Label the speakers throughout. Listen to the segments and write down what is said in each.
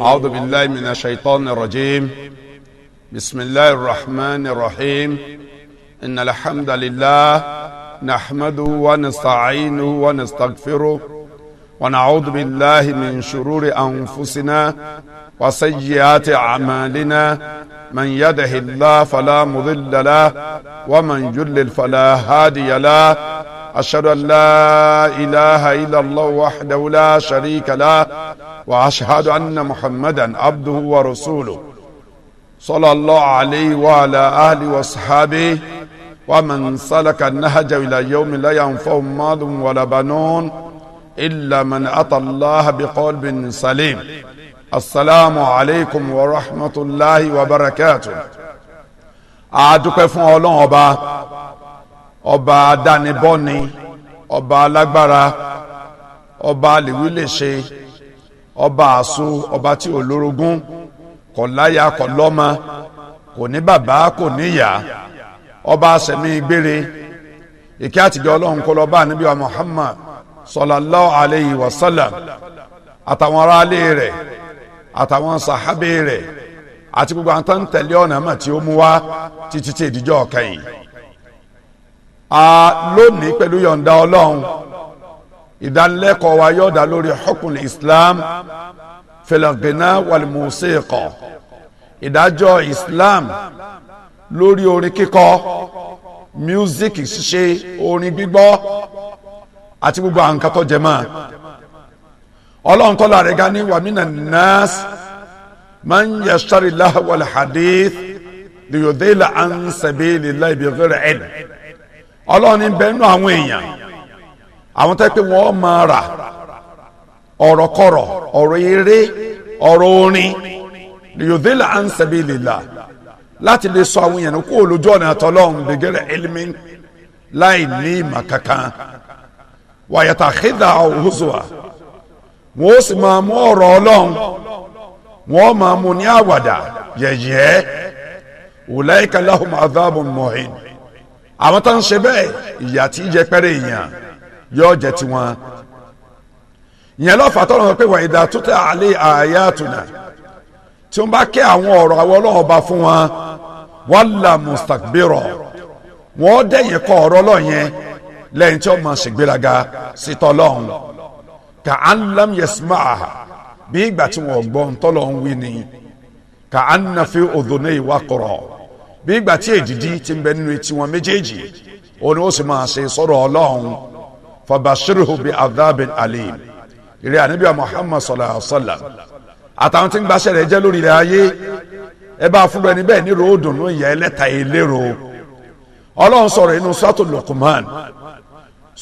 Speaker 1: أعوذ بالله من الشيطان الرجيم بسم الله الرحمن الرحيم إن الحمد لله نحمده ونستعينه ونستغفره ونعوذ بالله من شرور أنفسنا وسيئات أعمالنا من يده الله فلا مضل له ومن يضلل فلا هادي له أشهد أن لا إله إلا الله وحده لا شريك له وأشهد أن محمدا عبده ورسوله صلى الله عليه وعلى آله وصحابه ومن سلك النهج إلى يوم لا ينفع مال ولا بنون إلا من أتى الله بقلب سليم السلام عليكم ورحمة الله وبركاته أعدك فون الله ọba adánibọ́ni ọba alágbára ọba alìwílèṣe ọba asu ọba tí ò lórogún kò láya kò lọ́mọ kò ní bàbá kò níyà ọba sẹ̀mí gbére ìkẹ́ àtijọ́ ọlọ́run kó lọ bá níbi wa Muhammad sallallahu alayhi wa sallam àtàwọn aráalé rẹ̀ àtàwọn sàhábé rẹ̀ àti gbogbo àwọn tó ń tẹ̀lé ọ̀nà mà tí ó mú wá títí tí ìdíjọ́ kẹ́yìn. a lónìí pẹ̀lú yọ̀ǹda ọlọ́run ìdánilẹ́kọ̀ọ́ wa yọ̀ǹda lórí hukun islam filagina walimuseekọ ìdájọ́ islam lórí orin kíkọ music ṣíṣe orin gbígbọ́ àti gbogbo àǹkà tó jẹ mọ́ ọlọ́run tọ́lá rẹ̀ ga ní wàmínà nas máa ń yasari lahawal hadith liyodela ansabeli laibi ẹ̀dẹ̀ ọlọ́run ní bẹ́ẹ̀ nú àwọn èèyàn àwọn tẹ́ pé wọ́n máa rà ọ̀rọ̀ kọ̀rọ̀ ọ̀rọ̀ eré ọ̀rọ̀ orin liyudhila an sabilillah láti lè sọ àwọn èèyàn kó lójú ọ̀nà àtọ́lọ́hún gbẹgẹrẹ ilmin láì ní ìmọ̀ kankan wàyàtà xidà òhùzùwà wọn sì máa mú ọ̀rọ̀ ọlọ́hún wọn máa mú ní àwàdà yẹ̀yẹ́ wùláyìí kàláhùn àdàbùn mọ̀hìn àwọn tó ń ṣe bẹ́ẹ̀ ìyà tí ìjẹpẹ́rẹ́ èèyàn yóò jẹ́ tiwọn ìyẹn lọ́fà tọ́lọ̀ wọn pé wàyí dà tó tẹ àlẹ́ àyà tùnà tí wọ́n bá kẹ́ àwọn ọ̀rọ̀ àwọn ọlọ́ọ̀ba fún wọn wàlà mustakbirọ̀ wọ́n dẹ̀yìn kọ́ ọ̀rọ̀ lọ́yẹn lẹ́yìn tí wọ́n máa ṣègbéraga sí tọ́lọ́hún ka anlam yasmaha bí ìgbà tí wọ́n gbọ́ tọ́lọ́hún wí ni ka annafi odòdó ìwà kọ̀rọ̀ bí ìgbà tí èdìdí ti ń bẹ nínú etí wọn méjèèjì ó ní ó sì máa ṣe sọ̀rọ̀ ọlọ́run fabashiruhu bi adhabin alim ìrẹ́ àníbíà muhammad sallallahu alayhi wa sallam àtàwọn tí ń gbaṣẹ́ rẹ̀ jẹ́ lórí rẹ̀ ayé ẹ bá fúnra ẹni bẹ́ẹ̀ ní ròódùnú ìyá ẹlẹ́ta ìlérò ọlọ́run sọ̀rọ̀ inú sọ́tò luqman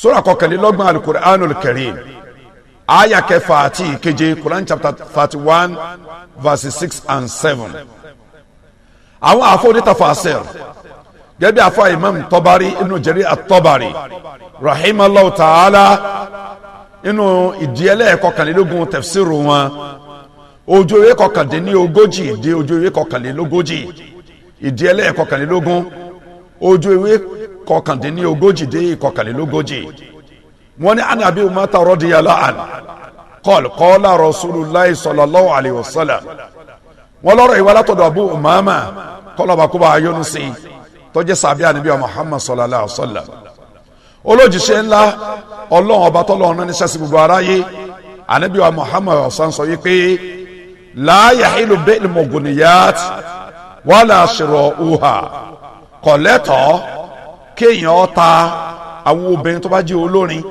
Speaker 1: sura kọkànlélọ́gbọ̀n alukur'anul karim aya kẹfà àti ìkeje quran chapter thirty one verse six and seven àwọn àfọ onítàfàṣẹr gẹbi àfọ imam tọbari inú jẹri àtọbari rahimallahu ta'ala inú ìdíyẹlẹ kọkànlélógún tẹfsiru wọn ojú ewé kọkàndínlógójì dé ojú ewé kọkànlélógójì ìdíyẹlẹ kọkànlélógún ojú ewé kọkàndínlógójì dé ìkọkànlélógójì wọn ní anabi umata rọdíyàlá àn kọl kọlá rasulillah sallallahu alayhi wa sallam wọn lọ́rọ̀ ìwà látọ̀dọ̀ Abu Umama kọlọba kó bá a yọnu sí i tọjẹ sàbíà níbi wa Muhammad sallallahu alaihi wa sallam olójúṣe ńlá Ọlọ́run ọba tọlọ́run náà níṣẹ́ sí gbogbo aráyé ànábì wa Muhammad ọsán sọ yìí láàyè ìlú bẹ́ẹ̀lì mọ̀gònìyàt wàhálà àṣírọ̀ uha kọ̀lẹ́tọ̀ kéèyàn ta àwọn obìnrin tó bá jẹ́ olórin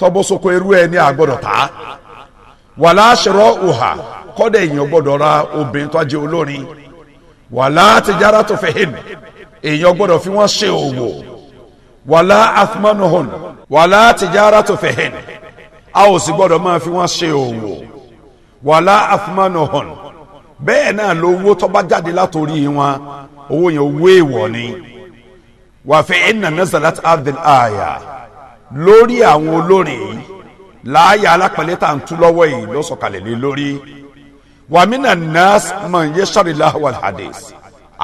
Speaker 1: tọ́bọ́sọ̀kọ irú ẹni àgbọ̀dọ̀ ta wàhálà àṣírọ̀ uha kọ́dẹ̀ èèyàn gbọ́dọ̀ ra obìnrin tó jẹ́ olórin wàlá tìjára tó fẹ́ hìn èèyàn gbọ́dọ̀ fi wọ́n ṣe òwò wàlá athmanuhun wàlá tìjára tó fẹ́ hìn a ò sì gbọ́dọ̀ máa fi wọ́n ṣe òwò wàlá athmanuhun bẹ́ẹ̀ náà lówó tó bá jáde látòrí wọn owó yẹn owó èèwọ̀ ni wàfẹ́ ẹ̀nà nazalat adil aya lórí àwọn olórin yìí láàyè alápẹ̀lẹ́ta ń tú lọ́wọ́ yìí ló lórí wàmínà nas man yashari lahwal hadith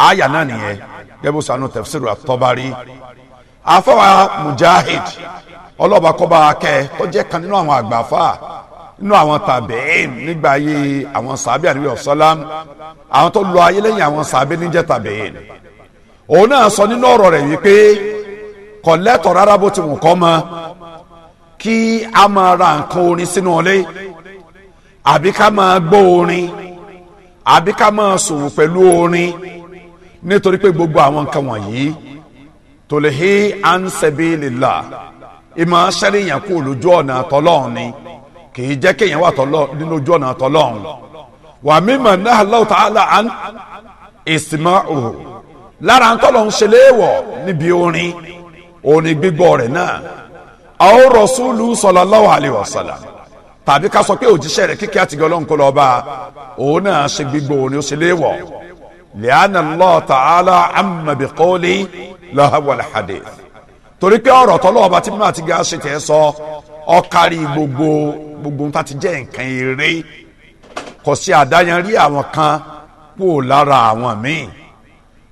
Speaker 1: àyà náà nìyẹn gẹ́gẹ́ sànú tafsiru at-Tabari àfọwà mujahid ọlọ́ba kọ́ba akẹ́ tó jẹ́ kan nínú àwọn àgbàfà nínú àwọn tàbẹ́ẹ̀n nígbà ayé àwọn sàbẹ́ àníwé ọ̀sọ́lám àwọn tó lọ ayé lẹ́yìn àwọn sàbẹ́ níjẹ́ tàbẹ́ẹ̀n òun náà sọ nínú ọ̀rọ̀ rẹ̀ wípé kọ̀lẹ́tọ̀ rárá bó ti wù kọ́ mọ kí a máa ra nǹkan orin sínú ọlẹ́ àbí ká máa gbọ́ orin àbí ká máa sòwò pẹ̀lú orin nítorí pé gbogbo àwọn nǹkan wọ̀nyí tòlèhí ansabilillah ìmọ̀ sẹ́ríyàn kú lójú ọ̀nà tọ́lọ́run ni kì í jẹ́ kéèyàn wà nínú ojú ọ̀nà tọ́lọ́run wà mímọ̀ náà Allah ta'ala an isma'u lára ń tọ́lọ̀ ń ṣe léèwọ̀ níbi orin orin gbígbọ́ rẹ̀ náà àwọn rasulu sallallahu alaihi wasallam tàbí ká sọ pé òjíṣẹ́ rẹ̀ kíkẹ́ àti gọlọ́n kó lọ bá a òun náà ṣe gbígbó ni ó ṣe léèwọ̀ li'anna Allah ta'ala amma bi qawli lahawal hadith torí pé ọ̀rọ̀ tọ́lọ́ ọba tí mímọ́ àti gíga ṣe tẹ̀ sọ ó kárí gbogbo gbogbo nta ti jẹ́ nǹkan eré kò sí àdáyanrí àwọn kan kúrò lára àwọn míì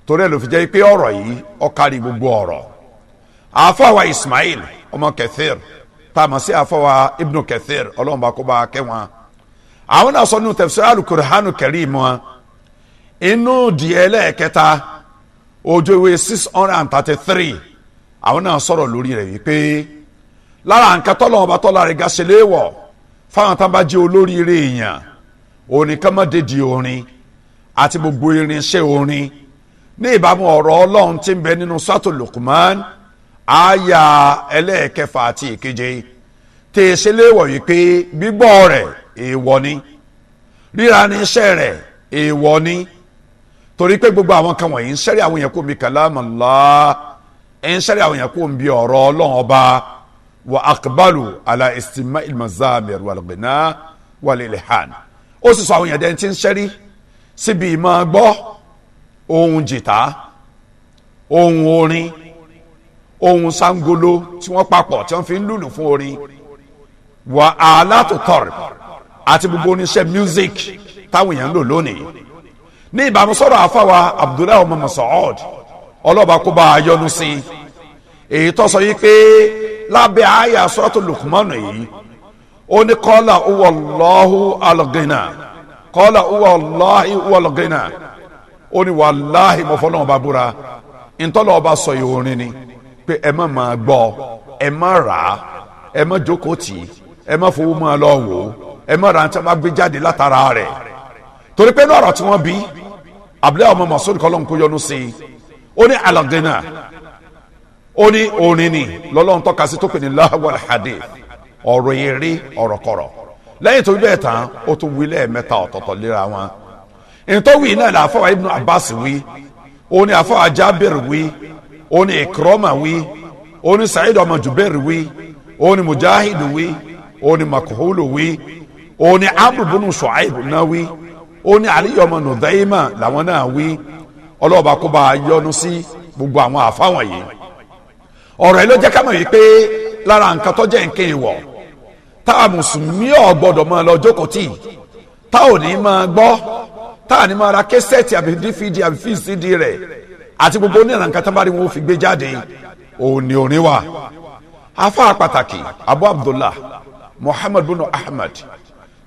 Speaker 1: torí ẹ̀ ló fi jẹ́ pé ọ̀rọ̀ yìí ó kárí gbogbo ọ̀rọ̀ àáfàá wa Ismail ọmọ Kathir tààmà sí àfọwà ibnu kathir ọlọ́mọba kó bá kẹ́ wọn. àwọn náà sọ nínú tafsir al-Qur'anu karim wọn inú diẹ lẹ́ẹ̀kẹta ojú six hundred and thirty three àwọn náà sọ̀rọ̀ lórí rẹ̀ wípé lára nǹkan tọ́lọ̀ ọba tọ́lá rẹ̀ ga ṣe léèwọ̀ fáwọn tá a bá jẹ́ olóríire èèyàn onìkan má dédìí orin àti gbogbo irinṣẹ́ orin ní ìbámu ọ̀rọ̀ ọlọ́run tí ń nínú sátò Luqman àyà ẹlẹ́ẹ̀kẹfà àti ìkeje tè ṣe léèwọ̀ yìí pé gbígbọ́ rẹ̀ èèwọ̀ ni ríra ní iṣẹ́ rẹ̀ èèwọ̀ ni torí pé gbogbo àwọn kan wọ̀nyí ń ṣẹ́rí àwọn yẹn kó mi kalamullah ń ṣẹ́rí àwọn yẹn kó ń bi ọ̀rọ̀ ọlọ́run ọba wa akbalu ala istima ilmazamir walgbina walilhan ó sì sọ àwọn yẹn dẹ́n ti ń ṣẹ́rí síbi ìmọ̀ gbọ́ ohun jìtá ohun orin ohun sangolo tí wọ́n papọ̀ tí wọ́n fi ń lùlù fún orin wàhálà tó tọ̀rọ̀ àti gbogbo oníṣẹ́ music táwọn èèyàn ń lò lónìí ní ìbámu sọ̀rọ̀ àfàwà Abdullahi ọmọ Mas'ud ọlọ́ba kó bá a yọ́nú sí i èyí tó sọ yìí pé lábẹ́ àyà sọ́tò Lukumanu yìí ó ní kọ́là uwọ́lọ́hu alọ́gẹ́nà kọ́là uwọ́lọ́hi uwọ́lọ́gẹ́nà ó ní wàláhi mọ̀fọ́lọ́wọ́n búra ntọ́lọ́wọ́ sọ yìí orin ni pé ẹ má máa gbọ́ ẹ má rà á ẹ má jókòó tì í ẹ má fowó máa lọ wò ó ẹ má ra ní tí wọ́n bá gbé jáde látara rẹ̀ torí pé ní ọ̀rọ̀ tí wọ́n bí abúlé ọmọ masoni kọlọ́n kó yọnu sí i ó ní alagena ó ní orin ni lọ́lọ́run tọ́ka sí tó ní lahawal hadith ọ̀rọ̀ eré ọ̀rọ̀ kọ̀rọ̀ lẹ́yìn tó wí bẹ́ẹ̀ tán ó tún wí lẹ́ẹ̀mẹ́ta ọ̀tọ̀ọ̀tọ̀ léra wọn ìtọ́wì náà làáfọwà ibnu abbas wí ó ní àfọwà jábẹ̀rù wí ó ní Ikroma wí ó ní Sa'id ọmọ Jubair wí ó ní Mujahid wí ó ní Makhulu wí ó ní Amr bunu Shu'aib náà wí ó ní Ali ọmọ Nudayma làwọn náà wí ọlọ́ọ̀bá kó bá a yọ́nú sí gbogbo àwọn àfa wọ̀nyí ọ̀rọ̀ yìí ló jẹ́ ká mọ̀ yìí pé lára nǹkan tó jẹ́ nǹkan ìwọ̀ tá a mùsùlùmí ò máa lọ jókòó tì tá ò ní máa gbọ́ tá à ní máa ra késẹ́ẹ̀tì àbí dvd àbí fíìsì rẹ̀ àti gbogbo onílànà nǹkan tábàrí wọn fi gbé jáde òun ni orin wa afa pàtàkì abu abdullah muhammad bin ahmed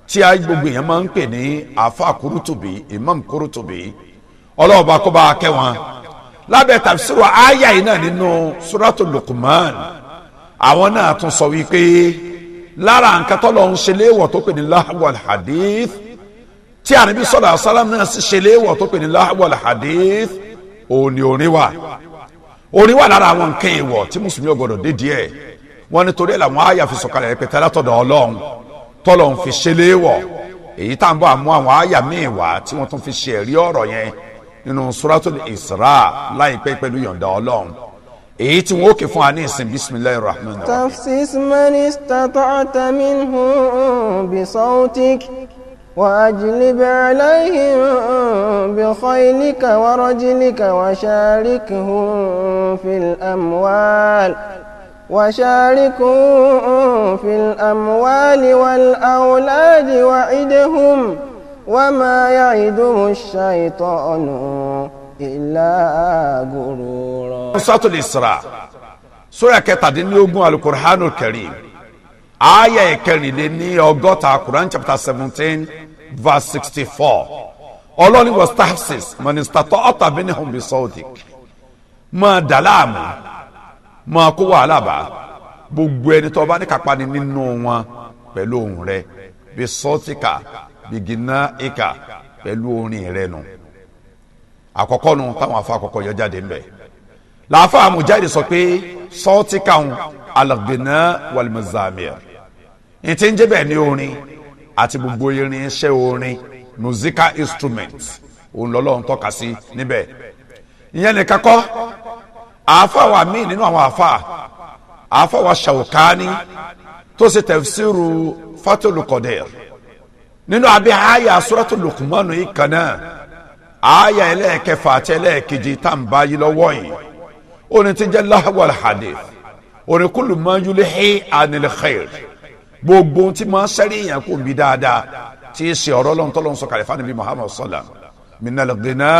Speaker 1: tí a gbogbo èèyàn máa ń pè ní afa kurutubi imam kurutubi ọlọ́ọ̀bá kọ́ba akẹ́wọ̀n lábẹ́ tafsiru aya yìí náà nínú suratu lukman àwọn náà tún sọ wípé lára nǹkan tó lọ ń ṣe léèwọ̀ tó pè ní lahawal hadith tí ànábì sallallahu alaihi wasallam náà sì ṣe léèwọ̀ tó pè ní lahawal hadith òní orin wà
Speaker 2: orin wà lára àwọn nǹkan
Speaker 1: ìwọ̀ tí mùsùlùmí ọgbọ́dọ̀ dé díẹ̀ wọ́n nítorí ẹ̀ làwọn àyà fi sọ̀kalẹ̀ rẹpẹtẹ látọ̀dọ̀ ọlọ́run tọ́lọ́run fi ṣe léèwọ̀ èyí tá à ń bọ̀ àmú àwọn àyà míì wá tí wọ́n tún fi ṣe ẹ̀rí ọ̀rọ̀ yẹn nínú suratul Isra láìpẹ́ pẹ̀lú yọ̀ǹda ọlọ́run èyí tí wọn ó ké fún wa ní ìsìn bisimilayi rahman.
Speaker 2: tafsis man istata'ta minhu bisautik. وأجلب عليهم بخيلك ورجلك وشاركهم في الأموال وشاركهم في الأموال والأولاد وعدهم وما يعدهم الشيطان إلا غرورا
Speaker 1: سورة الإسراء سورة كتادين القرآن الكريم آية كريم لني أوغوتا القرآن chapter 17 verse 64. four ọlọ́ni was taxes manistatọ́ ọ̀tàbí ni hùn bí sọ́ọ̀dìk máa dà láàmú máa kó wàhálà bá gbogbo ẹni tó bá ní kápá ni nínú wọn pẹ̀lú ohùn rẹ bí sọ́ọ̀tìkà bí gíná ìkà pẹ̀lú orin rẹ nù àkọ́kọ́ nu táwọn afa àkọ́kọ́ yọ jáde ńbẹ làáfà àmújáde sọ pé sọ́ọ̀tìkà ń alàgbẹ̀nà wàlùmọ̀zàmìà ètí bẹ́ẹ̀ ní orin àti gbogbo irinṣẹ́ orin musical instruments òun lọ́lọ́run tọ́ka sí níbẹ̀ ìyẹn nìkan kọ́ àáfà wa míì nínú àwọn àáfà àáfà wa Shawkani tó ṣe tafsiru Fatul nínú abẹ́ àyà Suratu Luqmanu yìí kan náà àyà ẹlẹ́ẹ̀kẹfà àti ẹlẹ́ẹ̀kejì tá à ń bá lọ́wọ́ yìí orin ti jẹ́ lahwal hadith orin kullu ma gbogbo ohun tí máa ń sẹ́rí èèyàn kò ń bi dáadáa tí í ṣe ọ̀rọ̀ lọ́n tọ́lọ́n sọ kàlẹ́fà níbi muhammad sallam minalagina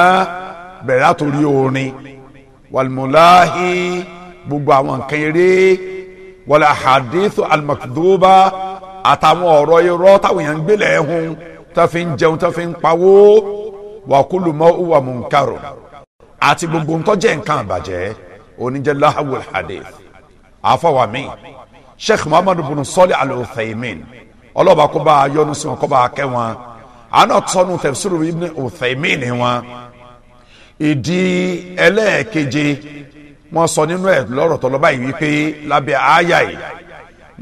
Speaker 1: bẹ̀rẹ̀ àtòrí orin walmulahi gbogbo àwọn nǹkan eré wàlẹ̀ àhàdìtò alimakidoba àtàwọn ọ̀rọ̀ irọ́ táwọn èèyàn ń gbélé ẹ̀hún tó fi ń jẹun tó fi ń pawó wàkúlùmọ́ uwa munkaru àti gbogbo ntọ́jẹ́ nǹkan àbàjẹ́ oníjẹ́ lahawul hadith àfọwàmí sheikh muhammadu bin Salih al-Uthaymin ọlọ́ba kó bá yọ́nú sí wọn kó bá kẹ́ wọn àná tọ́nu tafsiru ibn Uthaymin wọn ìdí ẹlẹ́ẹ̀keje wọ́n sọ nínú ẹ̀ lọ́rọ̀ tọ́lọ́ba yìí wípé lábẹ́ àáyá yìí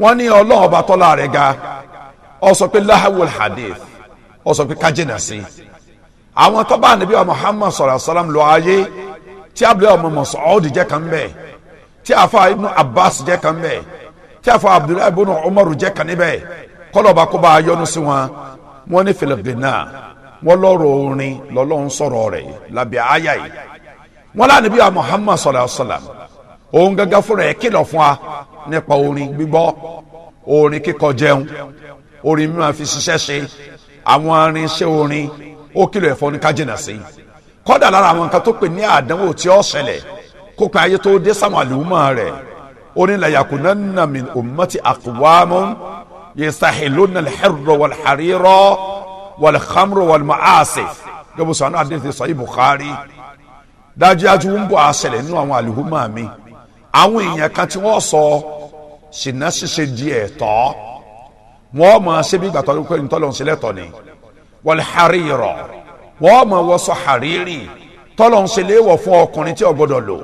Speaker 1: wọ́n ní ọlọ́ọ̀ba tọ́lá rẹ̀ ga ó sọ pé lahawul hadith ó sọ pé kájínà sí àwọn tọ́ba níbí wa Muhammad sallallahu alaihi wasallam ayé tí abdulayi ọmọ Mas'ud jẹ́ kan bẹ́ẹ̀ tí afa ibn Abbas jẹ́ kan bẹ́ẹ̀ tí a fọ abdullahi ibn umaru jẹ́ kan níbẹ̀ kọ́lọ́ba kó bá a yọ́nú sí wọn wọn ní filipina wọn lọ́rọ̀ orin lọ́lọ́run sọ̀rọ̀ rẹ̀ lábẹ́ àyà yìí wọn lá níbí wa muhammad sallallahu alayhi wa sallam òun gángan fúnra ẹ̀ kìlọ̀ fún wa nípa orin gbígbọ́ orin kíkọ jẹun orin mímọ fi ṣiṣẹ́ ṣe àwọn arinṣẹ́ orin ó kìlọ̀ ẹ̀fọ́ ní kájínà sí kọ́dà lára àwọn nǹkan tó pè ní àdánwò tí ó ṣẹlẹ̀ kópa ayé tó dé sáwọn àlùmọ́ rẹ̀ oni la yakunanna min ummati aqwamun yasahiluna alḥirra walḥarira walxamra walmacaasi gẹ́gẹ́ sọ àná àdéhùn sahih Bukhari dájúdájú ń bọ̀ àṣẹlẹ̀ nínú àwọn àlùhùmá mi àwọn èèyàn kan tí wọ́n sọ ṣìnà ṣíṣe di ẹ̀tọ́ wọ́n máa ṣe bí gbàtọ́ pé ntọ́lọ́ ń ṣe lẹ́tọ̀ ni walharira wọ́n máa wọ sọ hariri tọ́lọ́ ń ṣe léèwọ̀ fún ọkùnrin tí ó gbọ́dọ̀ lò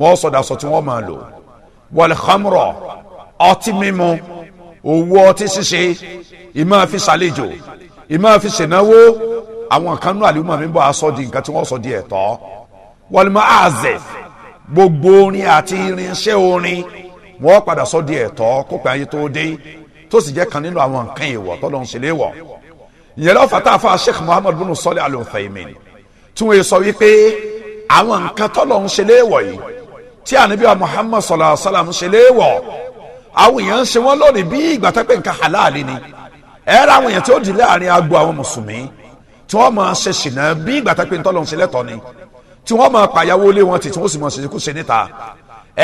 Speaker 1: wọ́n sọ̀dà sọ tí wọ́n máa lò wọlékàmúrọ̀ ọtí mímu owó ọtí ṣíṣe ìmọ̀ fi ṣàlejò ìmọ̀ fi ṣènáwó àwọn kanú àlùmọ̀ mi bọ̀ aṣọ di nǹkan tí wọ́n sọ di ẹ̀tọ́ wọlémọ̀ àzẹ̀ gbogbo orin àti irinṣẹ́ orin wọ́n padà sọ di ẹ̀tọ́ kópa ayé tó dé tó sì jẹ́ kan nínú àwọn nǹkan ìwọ̀ tọ́lọ́ ń ṣe léwọ̀ ìyẹn lọ́fà tá a fa Sheikh Muhammad bin Salih Al Uthaymin tí wọ́n sọ wípé àwọn nǹkan tọ́lọ́ ń ṣe léwọ̀ yìí tí ànábì wa muhammad sallallahu alaihi wa sallam ṣe léèwọ̀ àwọn èèyàn ń ṣe wọ́n lónìí bí ìgbà tó pé nǹkan halali ni ẹ ra àwọn èèyàn tí ó di láàrin agbo àwọn mùsùlùmí tí wọ́n máa ṣe ṣìnà bí ìgbà tó pé ń tọ́lọ́ ń ṣe lẹ́tọ̀ọ́ ni tí wọ́n máa pàyàwó lé wọn tì tí wọ́n sì máa ṣe kú ṣe níta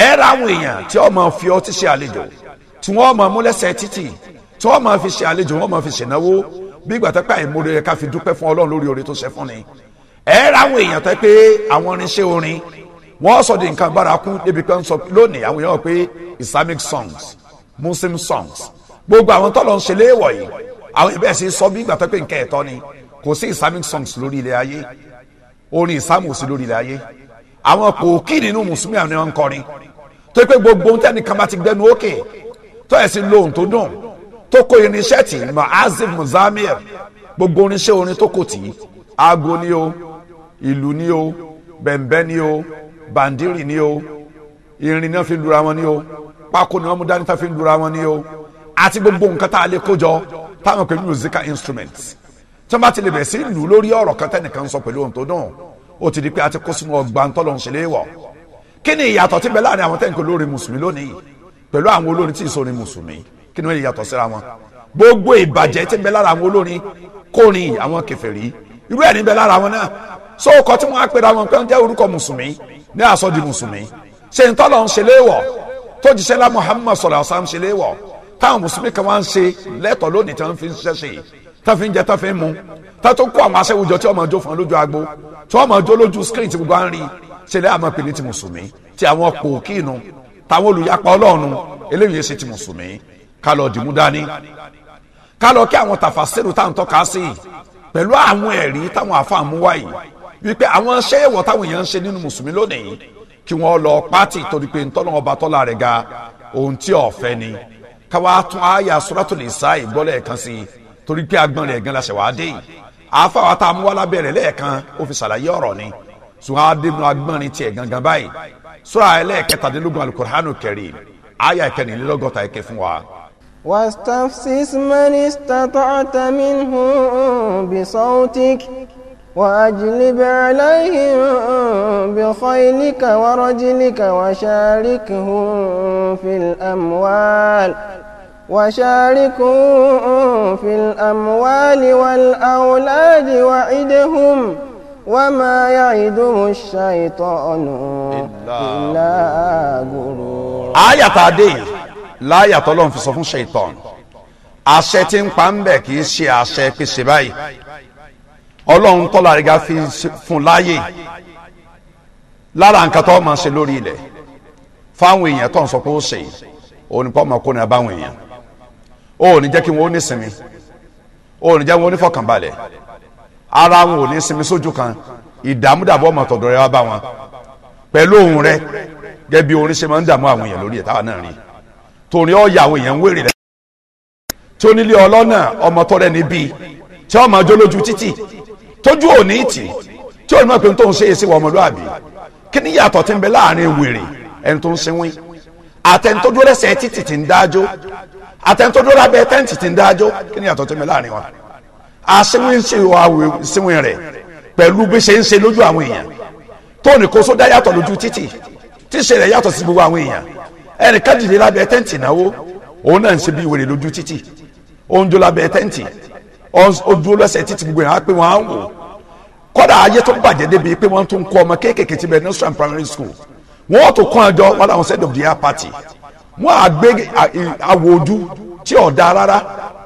Speaker 1: ẹ àwọn èèyàn tí wọ́n máa fi ọtí ṣe àlejò tí wọ́n máa mú títì tí wọ́n máa fi ṣe àlejò wọ́n máa fi ṣènáwó bí ìgbà tó pé àìmúre ká fi dúpẹ́ fún ọlọ́run lórí oore tó ṣe fún ni ẹ àwọn èèyàn tó pé àwọn irinṣẹ́ orin wọ́n sọ di nǹkan bárakú débi pé ń sọ lónìí àwọn èèyàn pé islamic songs muslim songs gbogbo àwọn tọ́lọ̀ ń ṣe léèwọ̀ yìí àwọn ìbẹ̀ sì sọ bí ìgbà tó pé nǹkan ẹ̀tọ́ ni kò sí islamic songs lórí ilẹ̀ ayé orin islam ò sí lórí ilẹ̀ ayé àwọn kòókì nínú mùsùlùmí àwọn ènìyàn ń kọrin tó pé gbogbo ohun tẹ́ni kan bá ti gbẹnu òkè tó ẹ̀ sì lo ohun tó dùn tó kó irinṣẹ́ tì maazif muzamir gbogbo orinṣẹ́ orin tó kò tì í aago ni o ìlú ni o bẹ̀m̀bẹ̀ ni o bàǹdírì ni o irin náà fi ń lura wọn ni o pákó ni wọn mú dání tá fi ń lura wọn ni o àti gbogbo nǹkan tá a lè kójọ táwọn pè ní musical instruments tí wọn bá ti lè bẹ̀rẹ̀ sí lù lórí ọ̀rọ̀ kan tẹ́nìkan sọ pẹ̀lú ohun tó dùn ó ti di pé a ti kó sínú ọgbà ńtọ́lọ̀ ń ṣẹlẹ̀ wọ̀ kí ni ìyàtọ̀ tí bẹ láàrin àwọn tẹ́nìkan olórin mùsùlùmí lónìí pẹ̀lú àwọn olórin tí ìsorin mùsùlùmí kí ni wọ́n lè yàtọ̀ síra wọn gbogbo ìbàjẹ́ tí bẹ lára àwọn olórin kórin àwọn kèfèrí irú ẹ̀ ní bẹ lára wọn náà sóòkọ tí wọ́n á pera wọn pé jẹ́ orúkọ mùsùlùmí ní àsọ di mùsùlùmí ṣe ntọ́lọ̀ ń ṣe léèwọ̀ tó jíṣẹ́ lá Muhammad sọ̀rọ̀ àṣà ń ṣe léèwọ̀ táwọn mùsùlùmí kan wá ń ṣe lẹ́tọ̀ lónìí tí wọ́n fi ń ṣiṣẹ́ ṣe tá fi ń tá fi ń mu tá tó kó àwọn aṣẹ́wùjọ tí wọ́n máa jó fún lójú agbo tí wọ́n máa jó lójú screen tí gbogbo à ń rí ṣẹlẹ̀ àmọ́ pè ní ti mùsùlùmí ti àwọn pòkínu táwọn olùyapa ọlọ́run eléyìí ṣe ti mùsùlùmí ká lọ dìmú dání ká lọ kí àwọn tàfàṣẹ́rù táwọn tọ́ka sí pẹ̀lú àwọn ẹ̀rí táwọn àfàmúwáyìí wípé àwọn sẹ́yẹ̀wọ̀ táwọn èèyàn ń ṣe nínú mùsùlùmí lónìí kí wọ́n lọ pátì torí pé ntọ́nà ọba tọ́lá rẹ̀ ga ohun tí ọ̀fẹ́ ni káwá tún àyà suratul Nisa ìgbọ́lẹ̀ kan sí i torí pé agbọ́n rẹ̀ gan la ṣẹ̀ wá dé yìí àáfàá tá a mú wá lábẹ́rẹ̀ lẹ́ẹ̀kan ó fi ṣàlàyé ọ̀rọ̀ ni ṣùgbọ́n adébù
Speaker 2: من استطعت منهم بصوتك وأجلب عليهم بخيلك ورجلك وشاركهم في الأموال وشاركهم في الأموال والأولاد وعدهم وما يعدهم الشيطان إلا
Speaker 1: غرور. àyà tá a dé yìí láyà tọ́lọ́run fi sọ fún ṣèitán àṣẹ tí ń ọlọ́run tọ́lá rẹ̀ ga fi fún láàyè lára nǹkan tó máa ṣe lórí ilẹ̀ fáwọn èèyàn tó ń sọ pé ó ṣe òun pọ́ máa kó ní abáwọn èèyàn òun ní jẹ́ kí wọ́n ó ní sinmi òun ní jẹ́ wọ́n ó ní fọkànbalẹ̀ ara wọn ò ní sinmi sójú kan ìdààmúdàbọ̀ ọmọ tọ̀dọ̀ rẹ wá bá wọn pẹ̀lú ohun rẹ gẹ́gẹ́ bí orin ṣe máa ń dààmú àwọn èèyàn lórí ẹ̀ náà rí torí ọ̀yà àwọn èèyàn ń wèrè rẹ̀ tí ó nílé ọlọ́nà ọmọ tọrẹ níbí tí ọmọ jólójú títì tójú òní tì tí òní náà pé tó ń ṣe èsì wọ ọmọlúwàbí kí ni yàtọ̀ ti ń bẹ láàrin wèrè ẹni tó ń sinwin àtẹnitójú lẹ́sẹ̀ títì ti ń dájọ́ àtẹnitójú lábẹ́ tẹ́ǹtì ti ń dájọ́ kí ni yàtọ̀ ti ń bẹ láàrin wa àsinwin ṣe wà sinwin rẹ̀ pẹ̀lú bí ṣe ń ṣe lójú àwọn èèyàn tóòní kó sódà yàtọ̀ lójú títì tí ìṣẹ̀lẹ̀ yàtọ̀ sí gbogbo àwọn èèyàn ẹnì kájìlélábẹ́ tẹ́ǹtì náwó òun náà ń ṣe bí wèrè lójú títì òun jó lábẹ́ tẹ́ǹtì ojú ọlọ́sẹ̀ títí gbogbo yẹn á pé wọ́n á wò kọ́dà ayé tó bàjẹ́ débi pé wọ́n tún kọ́ ọmọ kéékèèké ti bẹ̀ ní Australian primary school wọ́n tó kọ́ ẹjọ́ wọn làwọn sẹ́dọ̀ di air party wọ́n á gbé àwọ̀ ojú tí ò da rárá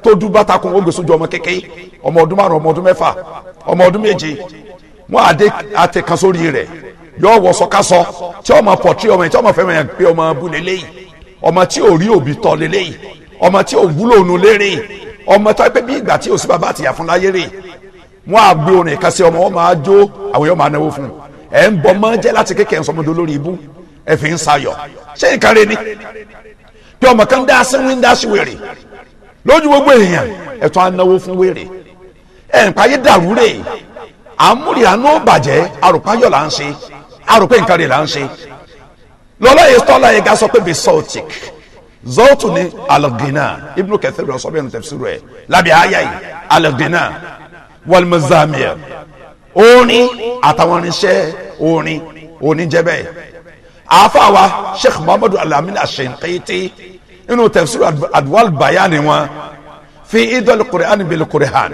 Speaker 1: tó dú bàtà kún ó gbé sójú ọmọ kékeré ọmọ ọdún márùn ọmọ ọdún mẹ́fà ọmọ ọdún méje wọ́n á dé àtẹ̀kan sórí rẹ̀ yọ wọ sọkásọ tí ọmọ pọtí ọmọ yẹn tí ọmọ fẹmẹ yẹn pé ọmọ abú lélẹyìí ọmọ tí ò rí òbí tọ lélẹyìí ọmọ tí ò wúlò nù lérìn ọmọ tó pé bí ìgbà tí òsì bàbá àtìyà fún láyé rè wọn á gbé orin kan sí ọmọ wọn máa jó àwọn yóò máa náwó fún un ẹ ń bọ mọ jẹ láti kékeré sọmọdé lórí ibú ẹ fi ń sayọ ṣé nǹkan rẹ ni bí ọmọ kan dá sínú ń dá sí wèrè lójú gbogbo èèyàn ẹ tún á náwó fún wèrè ẹ ń payé dàrú rè àmúrí àánú bàjẹ́ àròpáyọ̀ là ń ṣe àròpé nǹkan rẹ̀ là ń ṣe lọ́lọ́yè tọ́lá yẹn ga sọ pé bí sọ́ọ̀tìkì zọ́ọ̀tù ni alagina ibnu Kathir lọ sọ bẹ́ẹ̀ ní tafsiru ẹ̀ lábẹ́ àyà yìí alagina walimazamia orin àtàwọn irinṣẹ́ orin orin jẹ́ bẹ́ẹ̀ àáfà wa sheikh muhammadu alamin ashenqiti inú tafsiru adwal bayani wọn fi idol kur'an bil kur'an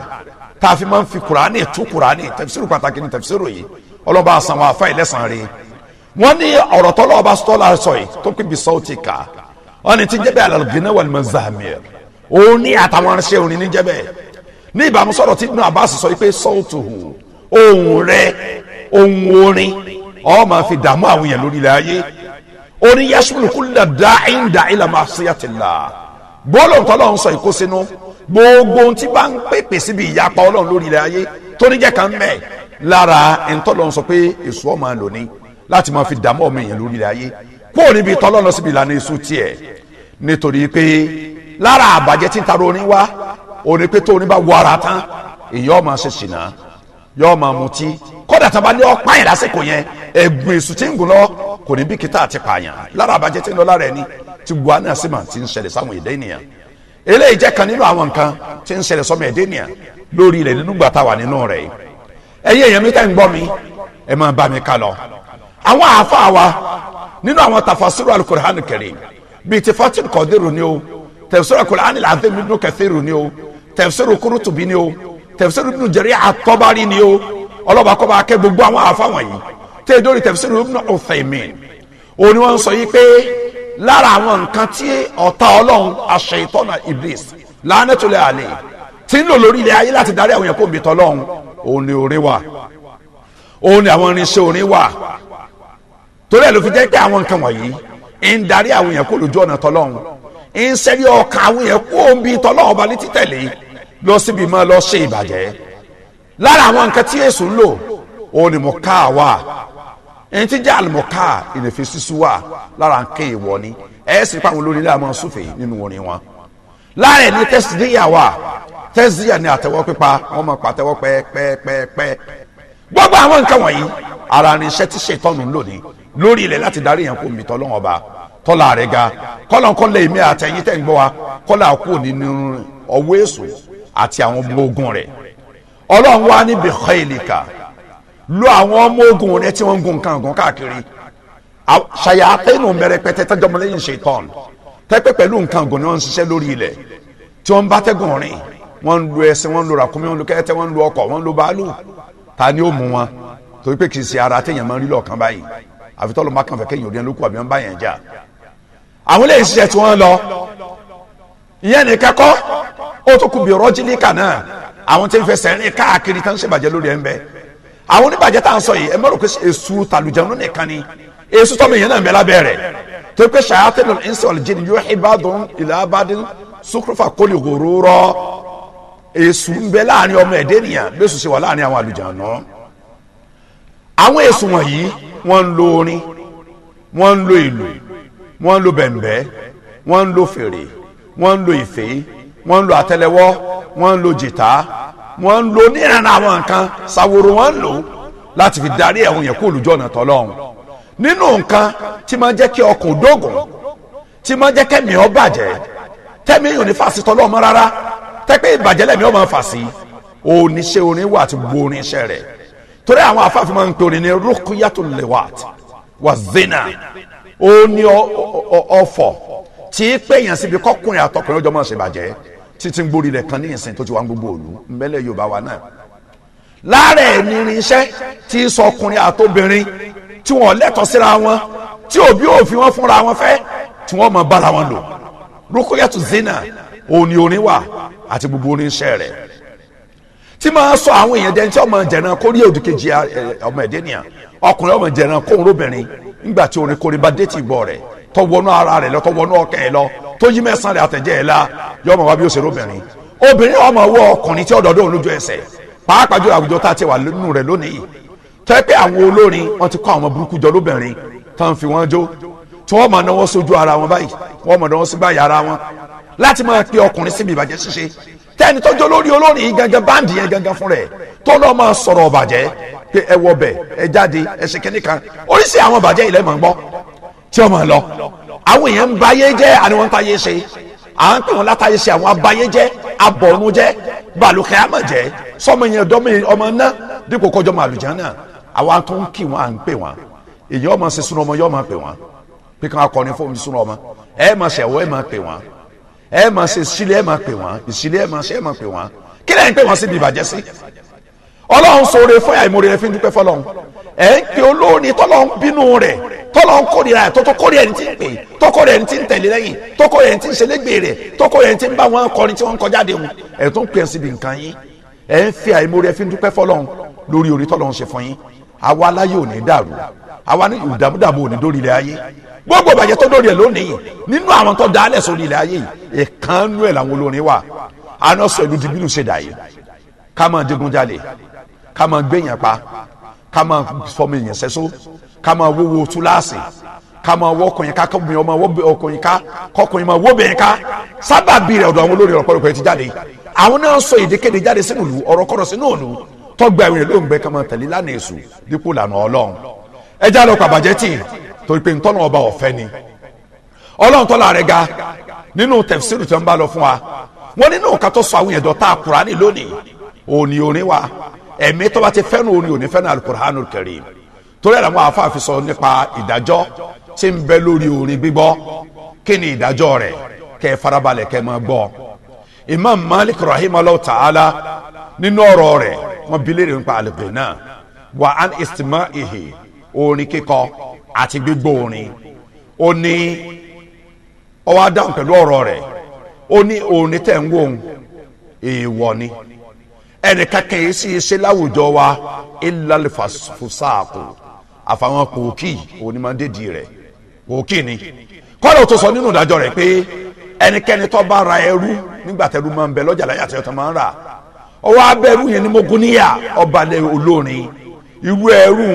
Speaker 1: tààfin máa ń fi kur'ani tú kur'ani tafsiru pàtàkì ní tafsiru yìí ọlọ́ba àsanwó àfa ìlẹ́sàn rẹ̀ wọ́n ní ọ̀rọ̀ tọ́lọ́ ọba sọ́lá sọ yìí tó kí bisọ́ ti kà wọn ni ti jẹ́ bẹ́ẹ̀ alàlùgínà wà lùmọ̀ zàmìr òun ní àtàwọn aránṣẹ́ òun ní jẹ́ bẹ́ẹ̀ ní ìbámu sọ̀rọ̀ tí Ibn Abbas sọ pé sọ́ọ̀tù ohun rẹ ohun orin ọ máa fi dààmú àwọn yẹn lórí ilẹ̀ ayé orin yasumulu kulla da'in da'i la ma'siyatillah gbọ́dọ̀ tọ́lọ̀ ń sọ ìkó sínú gbogbo ohun bá ń pèpè síbi ìyapa ọlọ́run lórí ilẹ̀ ayé tó jẹ́ ká mẹ́ lára ẹ̀ ń sọ pé èso ọ̀ máa lò ní láti máa fi dààmú ọmọ èèyàn lórí ilẹ̀ ayé kó o níbi síbi ìlànà èso tiẹ̀ nítorí pé lára àbàjẹ́ tí ń taró oní wá òní pé tó bá wọ ara tán èyí ọmọ ṣe ṣìnà yọ ọmọ mutí kódà tó bá ní ọpá yẹn lásìkò yẹn ẹ̀gbìn èso tí ń gùn lọ kò ní àti pààyàn lára àbàjẹ́ tí ń lọ lára ẹni tí ti ń ṣẹlẹ̀ sáwọn èdè ènìyàn eléyìí jẹ́ kan nínú àwọn nǹkan tí ń nínú àwọn tafasiru alukur'an karim bíi tifatil kọ́dírù ni o tafsiru alukur'an al-azim ibnu kathiru ni o tafsiru kurutubi ni o tafsiru ibnu jarir at-tabari ni o ọlọ́ba kọ́ba akẹ́ gbogbo àwọn àfa wọ̀nyí tẹ́ dórí tafsiru ibnu uthaymin òun ni wọ́n sọ yìí pé lára àwọn nǹkan tí ọ̀tá ọlọ́run aṣèitọ́nà iblis lánàtúlẹ̀ àlè tí ń lò lórí ilẹ̀ ayé láti darí àwọn yẹn kó mi tọ́lọ́run òun ni orin wà òun àwọn irinṣẹ́ orin wà torí ẹ̀ ló fi jẹ́ pé àwọn nǹkan wọ̀nyí ń darí àwọn èèyàn kó lójú ọ̀nà tọ́lọ́run ń sẹ́rí ọkàn àwọn èèyàn kó ń bi tọ́lọ́run ọba ní títẹ̀lé lọ síbi mọ́ lọ ṣe ìbàjẹ́ lára àwọn nǹkan tí Èṣù ń lò òun ni mọ̀ká wà ẹni tí jẹ́ àlùmọ̀ká ìnìfẹ́ sísú wà lára nǹkan ìwọ ni ẹ̀ sì pa àwọn olórin láàmú sùfèé nínú orin wọn lára ẹni tẹ́sídíyà wà tẹ́sídíyà ni àtẹ́wọ́ pípa wọ́n máa pàtẹ́wọ́ pẹ́ẹ́pẹ́ẹ́pẹ́ gbogbo àwọn nǹkan wọ̀nyí ara ni tí ṣètọ́nù ń lò ní lórí ilẹ̀ láti darí yẹn kó mi tọ́lọ́wọ́n ọba tọ́lá rẹ̀ ga kọ́lọ́nkọ́lẹ̀ èmi àtẹ̀yìn tẹ̀ ń gbọ́ wa kọ́lá kú nínú ọwọ́ èso àti àwọn ọmọ ogun rẹ̀ ọlọ́run wá níbi xeyìlìkà lo àwọn ọmọ ogun rẹ̀ tí wọ́n ń gun nǹkan ọ̀gùn káàkiri ṣàyàtẹ́nu mẹrẹpẹtẹ tẹjọmọlẹ́yìn ṣètọ́n tẹ́pẹ́ pẹ̀lú nǹkan ọ̀gùn ni wọ́n ń ṣiṣẹ́ lórí ilẹ̀ tí wọ́n ń bá tẹ́gùn rìn wọ́n ń lo ẹsẹ̀ wọ́n ń lo ràkúnmí wọ́n ń lo kẹ́tẹ́ wọ́n ń lo ọkọ̀ wọ́n ń lo bàálù ta ni ó mú wọn torí pé kì í ṣe ara téèyàn máa ń rí lọ́ọ̀kan báyìí àfi tọ́lọ́ máa kàn fẹ́ kéèyàn òdiyan lóko àbí wọ́n bá yẹn jà àwọn lè ṣiṣẹ́ tí wọ́n lọ ìyẹn ní kẹ́kọ́ ó tún kù bí rọ́jìlíkà náà àwọn tí ń fẹsẹ̀ rìn káàkiri tán ṣèbàjẹ́ lórí ẹ̀ ń bẹ àwọn oníbàjẹ́ tá à ń sọ yìí ẹ mọ̀ pé èṣù tàlùjẹun nìkan ni èṣù tọ́mọ èèyàn náà ń bẹ lábẹ́ rẹ̀ tó pé ṣayátẹ́nu ìsọ̀lì jìn yóò ṣe àwọn èsùn wọ̀nyí wọ́n ń lo orin wọ́n ń lo ìlù wọ́n ń lo bẹ̀m̀bẹ́ wọ́n ń lo fèrè wọ́n ń lo ìfé wọ́n ń lo àtẹ́lẹwọ́ wọ́n ń lo jìtá wọ́n ń lo níran àwọn nǹkan ṣàwòrò wọ́n ń lò láti fi darí àwọn yẹn kó olùjọ́ ọ̀nà tọ́lọ́run nínú nǹkan tí máa jẹ́ kí ọkàn dógùn tí máa jẹ́ kẹ́mi ọ bàjẹ́ tẹ́mi ò ní fàṣítọ́ rárá tẹ́pẹ́ ìbàjẹ́ lẹ́mi ọ máa fà òní ṣe orin wà àti gbogbo orin iṣẹ́ rẹ̀ torí àwọn afáàfin máa ń pèrè ní rukuyatul lewat wa zina ó ní ọfọ tí í pèèyàn síbi kọkùnrin àtọkùnrin ọjọ́ máa ṣe bàjẹ́ títí ń gbórí rẹ̀ kan ní ìsìn tó ti wá ń gbogbo òlu mbẹ́lẹ̀ yorùbá wa náà lára ẹ̀ ní irinṣẹ́ tí í sọkùnrin àtobìnrin tí wọ́n lẹ́tọ̀ọ́ síra wọn tí òbí òfin wọn fúnra wọn fẹ́ tí wọ́n máa bára wọn lò rukuyatul zina òní orin wà àti gbogbo oníṣẹ́ rẹ̀ tí máa sọ àwọn èèyàn dẹni tí ọmọ jẹran kó rí òdì kejì eh, ọmọ ẹ̀dẹ́ nìyà ọkùnrin ọmọ jẹran kó ń róbìnrin nígbà tí orin kórè bá dé ti gbọ́ rẹ̀ tó wọnú ara rẹ̀ lọ tó wọnú ọkàn ẹ̀ lọ tó yí mẹ́sàn rẹ̀ àtẹ̀jẹ́ ẹ̀ la yọ ọmọ wa bí ó ṣe róbìnrin obìnrin ọmọ wọ ọkùnrin tí ọdọọdọ olójú ẹsẹ̀ pàápàá jù àwùjọ tá a ti wà nínú rẹ̀ lónìí tẹ́ pé àwọn olórin wọn ti kọ́ àwọn burúkú jọ lóbìnrin tó ń fi wọn jó tí wọ́n máa náwó sójú ara wọn báyìí wọ́n máa náwó sí báyìí ara wọn láti máa pe ọkùnrin síbi ìbàjẹ́ ṣíṣe tẹ́ni tó jẹ́ olórí olórin yìí gangan báńdì yẹn gangan fún rẹ̀ tó lọ́ máa sọ̀rọ̀ ọ̀bàjẹ́ pé ẹ wọ bẹ̀ ẹ jáde ẹ ṣe kínní kan oríṣi àwọn ọ̀bàjẹ́ ilẹ̀ mọ̀ ń gbọ́ tí ọmọ lọ àwọn èèyàn ń báyé jẹ́ àni wọ́n ń táyé ṣe à ń pè wọ́n látàyè ṣe àwọn abáyé jẹ́ abọ̀rún jẹ́ balùkẹ́ àmọ̀ jẹ́ sọmọ yẹn dọ́mọ ọmọ náà dípò kọjọ́ màlúùjá náà àwa tó ń kí wọn à ń ẹ m'a ṣe ìṣílẹ̀ ẹ ma pè wọ́n ìṣílẹ̀ ẹ máa ṣe ẹ máa pè wọ́n kí lẹ́yìn pé wọ́n síbi ìbàjẹ́ sí ọlọ́run ṣoore fún àìmọ̀rẹ́ rẹ fi ń dúpẹ́ fọlọ́run ẹ ń pe olórin tọ́lọ́run bínú rẹ̀ tọ́lọ́run kórìíra ẹ̀ tó tó kórìíra ẹni tí ń pè tó kórìíra ẹni tí ń tẹ̀lé lẹ́yìn tó kórìíra ẹni tí ń ṣẹlẹ́gbẹ̀ rẹ̀ tó kórìíra ẹni tí ń bá wọn kọrin tí wọ́n ń kọjá dé wọn ẹ̀ tó ń pè ẹ́ síbi nǹkan yín ẹ̀ ń fi àìmọ̀rẹ́ fi gbogbo ìbàjẹ́ tó lórí ẹ̀ lónìí nínú àwọn tó dálẹ̀ sórí ilẹ̀ ayé yìí ìkànnú ẹ̀ làwọn olórin wà àná sọ̀lù dìbìlù ṣe dà yìí ká máa digunjalè ká máa gbẹ̀yàn pa ká máa fọmọ èèyàn sẹ́só ká máa wọ́wọ́ túláàsì ká máa wọ́ ọkùnrin ká kọ́kùnrin ọmọ ọkùnrin ká kọ́kùnrin máa wọ́bìnrin ká sábàbí rẹ̀ ọ̀dọ̀ àwọn olórí ọ̀pọ̀lọpọ̀ ti jáde àwọn náà sọ èdèkéde jáde sínú ìlú ọ̀rọ̀ kọ́rọ̀ sínú òòlù tọ́gbà ìrìn lóògbé ká máa tẹ̀lé lánàá èṣù dípò lànà ọlọ́run ẹ já lọ pàbàjẹ́ tì torí pé ntọ́nà ọba ọ̀fẹ́ ni ọlọ́run tọ́lá rẹ̀ ga nínú tẹ̀síìrì tó ń bá lọ fún wa wọ́n nínú nǹkan tó sọ àwọn ẹ̀dọ́ tá a Kùránì lónìí òní orin wa ẹ̀mí tó bá ti fẹ́ràn orin òní fẹ́ràn Al-Qur'anul torí àwọn afáàfin sọ nípa ìdájọ́ tí ń bẹ lórí orin gbígbọ́ kí ni ìdájọ́ rẹ̀ kẹ́ farabalẹ̀ kẹ́ ẹ gbọ́ Imam Malik rahimahullah ta'ala nínú ọ̀rọ̀ rẹ̀ wọ́n bi léèrè nípa al-ghina wa an istima'ihi orin kíkọ àti gbígbọ́ orin ó ní ó wá dáhùn pẹ̀lú ọ̀rọ̀ rẹ̀ ó ní orin tẹ̀ ń wò èèwọ̀ ni ẹnìkan kẹyìn sí iṣẹ́ láwùjọ wa ilal fusaaqu àfàwọn kòókì onímọ̀dédì rẹ̀ kòókì ni kọ́lá ò tó sọ nínú ìdájọ́ rẹ̀ pé ẹnikẹ́ni tó bá ra ẹrú nígbà tẹ́rú máa ń bẹ lọ́jà láyà tẹ́rú tó máa ń rà ọwọ́ abẹ́rú yẹn ni mo gún níyà ọba olórin irú ẹrú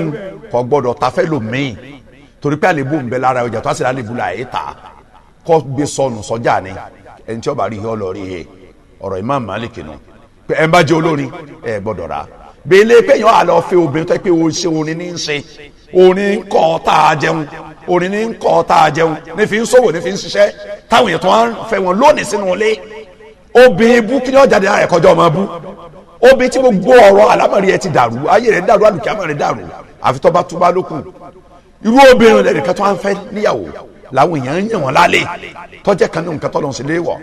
Speaker 1: kò gbọ́dọ̀ tafẹ́ lòmíì torí pé àlébù ń bẹ lára ọjà tó a sì rà àlébù là ta kọ́ gbé sọnù sọjà ni ẹni tí ó bá rí yọ lọ rí he ọ̀rọ̀ Imam Malik nù pé ẹ bá jẹ́ olórin ẹ gbọ́dọ̀ rà bẹ́ẹ̀lẹ́ pé yàn á lọ fẹ́ obìnrin tó pé òun ṣe orin ní í ṣe orin ń kọ́ tá a jẹun orin ní ń kọ́ tá a jẹun ní fi ń ṣòwò ní fi ń ṣiṣẹ́ táwọn èèyàn tó fẹ́ wọn lónìí sínú ilé obìnrin bú kí ni ọjà dé ara ẹ̀kọ́jọ ọmọ bú obìnrin tí gbogbo ọ̀rọ̀ àlámọ̀rí ẹ ti dàrú ayé rẹ̀ dàrú àlùkí àmọ̀ rẹ̀ dàrú àfi tó bá túbá lókun irú obìnrin rẹ̀ nìkan tó à ń fẹ́ níyàwó làwọn èèyàn ń yàn wọ́n lálẹ́ tọ́jẹ́ kan ní nǹkan tọ́lọ́ sí léwọ̀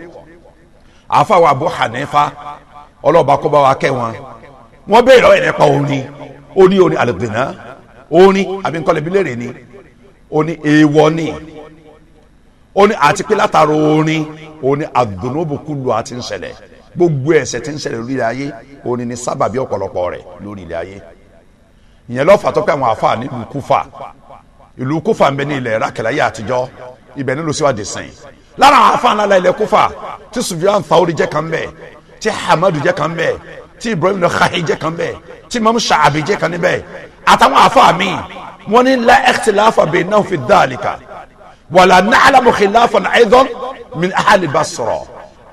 Speaker 1: àáfà wa Abu Hanifa ọlọ́ọ̀bá kó bá wa kẹ́ wọn wọ́n béèrè ọ̀rẹ́ nípa orin orin orin àlùgbìnà orin àbí nǹkan lẹ́bi léèrè ni orin èèwọ̀ ni orin àti pé látara orin orin àdùnnóbùkúlù àti ń ṣẹlẹ̀ gbogbo ẹ̀ṣẹ̀ tí ń lórí ayé orin ni sábàbí ọ̀pọ̀lọpọ̀ rẹ̀ lórí ayé ìyẹn lọ́fà tó pé àwọn àáfà nílùú Kúfà ìlú kófà ń bẹ ní ilẹ̀ iraq láyé àtijọ́ ibẹ̀ nílùú síwájú sìn lára àwọn afáàná la ilẹ̀ kófà tí sufyan thawri jẹ́ kan bẹ́ẹ̀ tí hamadu jẹ́ kan bẹ́ẹ̀ tí ibrahim nakha'i jẹ́ kan bẹ́ẹ̀ tí mamu sha'abi jẹ́ kan níbẹ̀ àtàwọn afáà mi wọ́n ní la ikhtilafa baynahum fi dhalika wala na'lamu khilafan aidan min ahli basra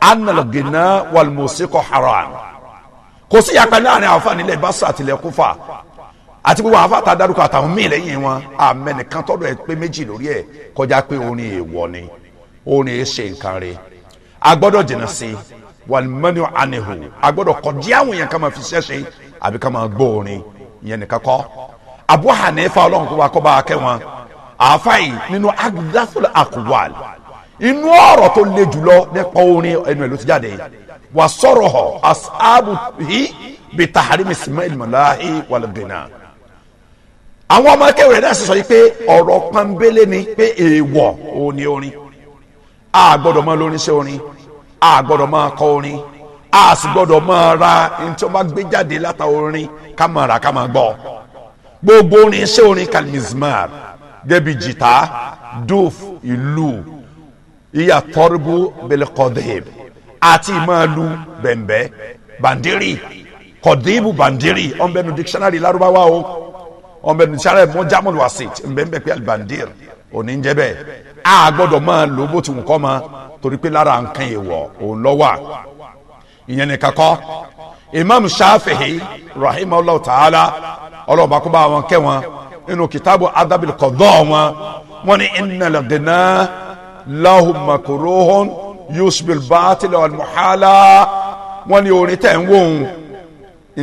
Speaker 1: anna al-ghina wal musiqa haram kò sí yàpẹ́ láàrin àwọn afáàní ilẹ̀ basra àti ilẹ̀ kófà àti gbogbo àwọn afáàtà dárúkọ àtàwọn míì lẹ́yìn wọn àmẹnìkan tọ́dọ̀ ẹ pé méjì lórí ẹ kọjá pé orin èèwọ̀ ni orin èèṣe nǹkan rẹ̀ a gbọ́dọ̀ jìnnà sí wàlúmọ́nì ànihu a gbọ́dọ̀ kọjí àwọn èèyàn kan máa fi ṣẹ́ṣe àbí kan máa gbọ́ orin ìyẹn nìkan kọ́ Abu Hanifa ọlọ́run kó wa kọ́ bá a kẹ́ wọn àáfàá yìí nínú agudafula akuwal inú ọ̀rọ̀ tó le jùlọ nípa orin ẹnu ẹ̀ ló ti jáde wà sọ̀rọ̀ họ asaabu hi bi taharimi ismail malahi walgina àwọn ọmọ akéwì rẹ̀ náà sì sọ yìí pé ọ̀rọ̀ pọ́nbélé ni pé èèwọ̀ ò ní orin a gbọ́dọ̀ máa lórin sí orin a gbọ́dọ̀ máa kọ orin a sì gbọ́dọ̀ máa ra ntí wọ́n bá gbé jáde láta orin ká máa rà ká máa gbọ́ gbogbo orin sí orin kalimizmar gẹ́bí jìtá dúf ìlú ìyá tọ́rìbù bẹ́lẹ́kọ́dẹ́b àti ìmọ̀ọ́lù bẹ̀m̀bẹ́ bàndírì kọ̀dẹ́bù bàndírì ọ̀nbẹ́nu dictionary lárúbáwá o ọmọ ẹni sáré mọ jamul wasit nbẹ́nbẹ́ pé alibandir òní ń jẹ́ bẹ́ẹ̀ a gbọ́dọ̀ máa lò bó ti wù kọ́ ma torí pé lára nǹkan èèwọ̀ òun lọ wà ìyẹn nìkan kọ́ imam shafi'i rahimahullah ta'ala ọlọ́ọ̀bá kó bá wọn kẹ́ wọn nínú kitabu adabil qada wọn wọn ni innal ghina lahu makruhun yusbil batil wal wọn ni orin tẹ̀ ń wò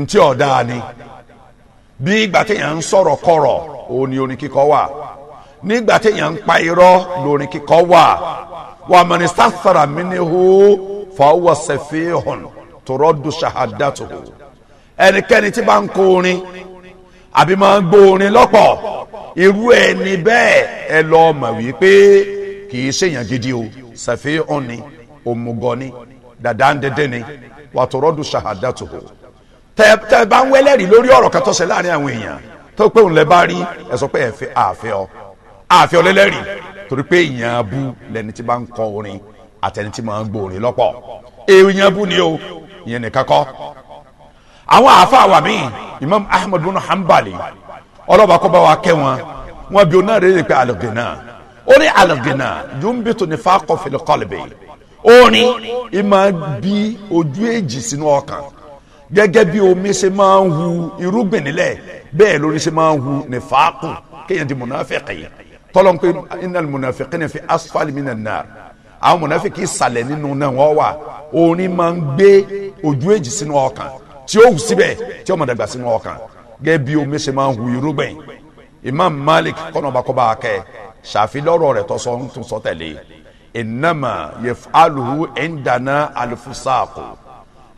Speaker 1: ntí ọ̀dà bí ìgbà téèyàn ń sọ̀rọ̀ kọ̀rọ̀ òun ni orin kíkọ wà nígbà téèyàn ń pa irọ́ lórin kíkọ wà wà mọ̀nìsá sara mi ni hó fọwọ́ sẹ̀fẹ̀ hàn tọrọ dùn ṣàhádà tó ẹnikẹ́ni tí bá ń kọ orin àbí máa ń gbóorin lọ́pọ̀ irú ẹni bẹ́ẹ̀ ẹ lọ mọ̀ wípé kì í ṣèyàn gidi o sẹ̀fẹ̀ ni òmùgọ̀ ni dàdá ń dẹ́dẹ́ ni wàtòrọ́dù ṣàhádà tó tẹ tẹ bá ń wẹlẹ́rìí lórí ọ̀rọ̀ kan tó ṣe láàrin àwọn èèyàn tó pé òun lẹ bá rí ẹ sọ pé ẹ fẹ́ àfẹ́ ọ àfẹ́ ọ lẹ́lẹ́rìí torí pé èèyàn abú lẹni tí bá ń kọ orin àtẹni tí máa ń gbòòrin lọ́pọ̀ èèyàn abú ni o ìyẹn nìkan kọ́ àwọn àáfàá wà míì Imam Ahmad bin Hanbali ọlọ́ba kọ́ bá wa kẹ́ wọn wọn bí onáà rẹ̀ pé alùgìnà ó ní alùgìnà yunbitu nifaqa fil qalbi orin ìmọ̀ bí ojú èjì sínú ọkàn gẹ́gẹ́ bí omi ṣe máa ń hu irúgbìn nílẹ̀ bẹ́ẹ̀ lórí ṣe máa ń hu nífàákù kéèyàn di mùnàfẹ́kì yìí tọ́lọ́n pé innal munafiqina fi asfali minan nar àwọn mùnàfẹ́kì ìsàlẹ̀ nínú náà wọ́n wà orin máa ń gbé ojú èjì sínú ọkàn tí ó hù síbẹ̀ tí ó máa sínú ọkàn gẹ́gẹ́ bí omi ṣe máa ń hu irúgbìn Imam Malik kọ́nàbàkọ́bà akẹ́ ṣàfilọ́rọ̀ rẹ̀ tọ́sọ́ ń tún sọ tẹ̀lé innama yaf'aluhu indana al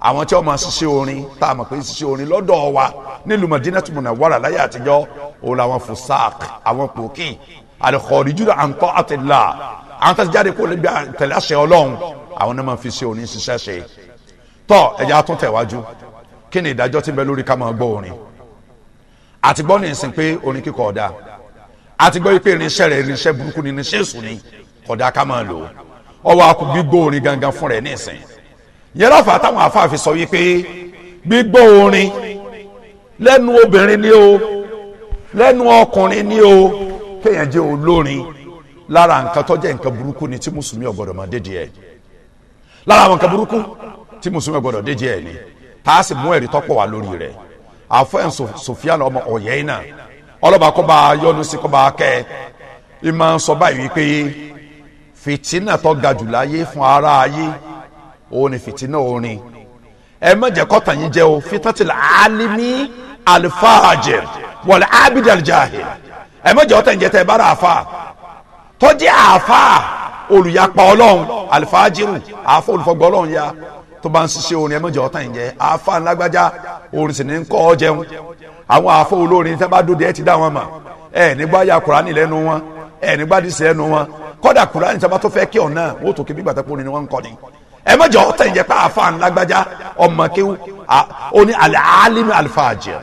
Speaker 1: àwọn tí wọ́n máa ṣiṣẹ́ orin tá a mọ̀ pé ṣiṣẹ́ orin lọ́dọ̀ wa nílùú Madinatu Munawwara láyé àtijọ́ òun làwọn fusaq àwọn pòkì al-kharijuna an ta'atillah àwọn tàbí jáde kó níbi tẹ̀lé àṣẹ Ọlọ́run àwọn náà máa fi ṣe orin ṣiṣẹ́ ṣe tọ́ ẹ̀jẹ̀ àtúntẹ̀wájú kí ni ìdájọ́ tí ń bẹ lórí ká máa gbọ́ orin àti gbọ́ ìsìn pé orin kíkọ ọ̀dà àti gbọ́ pé irinṣẹ́ rẹ̀ irinṣẹ́ burúkú ni irinṣẹ́ èṣù ni kódà ká máa lò ọwọ́ akú gbígbó orin gangan fún rẹ̀ ní ìsìn yẹn lọ́fà táwọn afáàfin sọ wípé gbígbọ́ orin lẹ́nu obìnrin ni o lẹ́nu ọkùnrin ni o kéèyàn jẹ́ olórin lára nǹkan tó nǹkan burúkú ni tí mùsùlùmí ọ̀gbọ́dọ̀ máa dédìí ẹ̀ lára àwọn nǹkan burúkú tí mùsùlùmí ọ̀gbọ́dọ̀ dédìí ẹ̀ ni tá a sì mú ẹ̀rí tọ́pọ̀ wá lórí rẹ̀ àfọ̀yàn Sufyan ọmọ ọ̀yẹ́ náà ọlọ́ba kó bá a yọ́nu sí kó bá a kẹ́ ẹ ìmọ̀ sọ báyìí wípé fìtínà tó ga jù láyé fún ara ayé òun ni fìtínà orin ẹ má jẹ́ kọ́tà yín jẹ́ o fitatil alimi alifajir wọlé abid aljahil ẹ má jẹ́ kọ́tà yín jẹ́ tẹ́ ẹ bá rà àfa tọ́jú àfa olùyapa ọlọ́run alifajiru àfa olùfọgbọ́ ọlọ́run ya tó bá ń ṣiṣẹ́ orin ẹ má jẹ́ kọ́tà yín jẹ́ àfa ńlágbájá orin sì ní kọ́ ọ jẹun àwọn àfa olórin tẹ́ bá dóde ẹ ti dá wọn mọ̀ ẹ nígbà ya kurani lẹ́nu wọn ẹ nígbà dísẹ́ lẹ́nu wọn kọ́dà kurani tẹ́ bá tó fẹ́ kí ọ̀ náà wọ́n tó kí bí ni wọ́n ń kọ́ ni ẹ má jẹ́ ọ̀tẹ̀ ìjẹ́ pé àáfàá ńlágbájá ọmọ kéwú ó ní alẹ́ alimi alifajir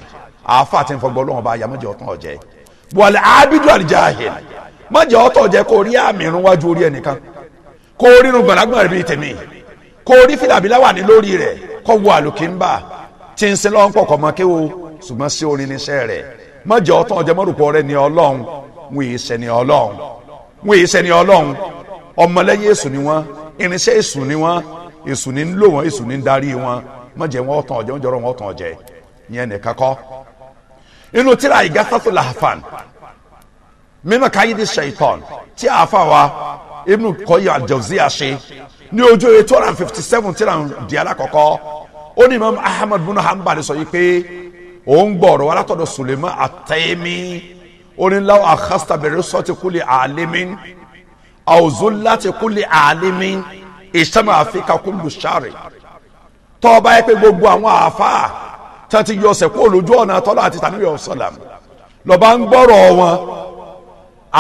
Speaker 1: àáfàá ti ń fọgbọ́ bá yà má jẹ́ ọ̀tún abidu alijahil má jẹ́ ọ̀tọ̀ ọ̀jẹ́ kó rí àmì irun wájú orí ẹnìkan kó rí irun gbọ̀nàgbọ̀n rẹ̀ bíi tèmi kó rí fìlàbílà wà ní lórí rẹ̀ kó wo àlùkìńbà tí ń sin lọ́wọ́ pọ̀ mọ́ kéwú ṣùgbọ́n sí orin níṣẹ́ rẹ̀ má jẹ́ ọ̀tọ̀ ọ̀jẹ́ mọ́rùpọ̀ ní ọlọ́run wọn èyí ọlọ́run wọn èyí ọlọ́run ọmọlẹ́yìn ni wọ́n irinṣẹ́ èṣù ni wọ́n èṣù ni ń lò wọ́n èṣù ni ń darí wọn má jẹ́ wọn ọ̀tàn ọ̀jẹ̀ ọ̀jọ̀rọ̀ wọn ọ̀tàn ọ̀jẹ̀ yẹn nìkan kọ́. inú tíra Ighathatul Lahfan mímọ káyídé shaitan tí àáfà wa Ibn Qayyim al-Jawziyya ṣe ní ojú ewé two hundred and fifty seven tíra di alákọ̀ọ́kọ́ ó ní Imam Ahmad bunu Hanbal sọ yìí pé òun gbọ̀rọ̀ wa látọ̀dọ̀ Suleiman at-Taymi ó ní law akhasta bi risati alimin àwùzọ láti kúlẹ̀ àlẹ́mí ìsẹ́mu àfikà kúlù sáré tọ́ọ̀bá yẹ pé gbogbo àwọn àáfàá tí wọ́n ti yọ ọ̀sẹ̀ kó lójú ọ̀nà tọ́lá àti tàbí ọ̀sọ̀làm lọ́ba ń gbọ́rọ̀ wọn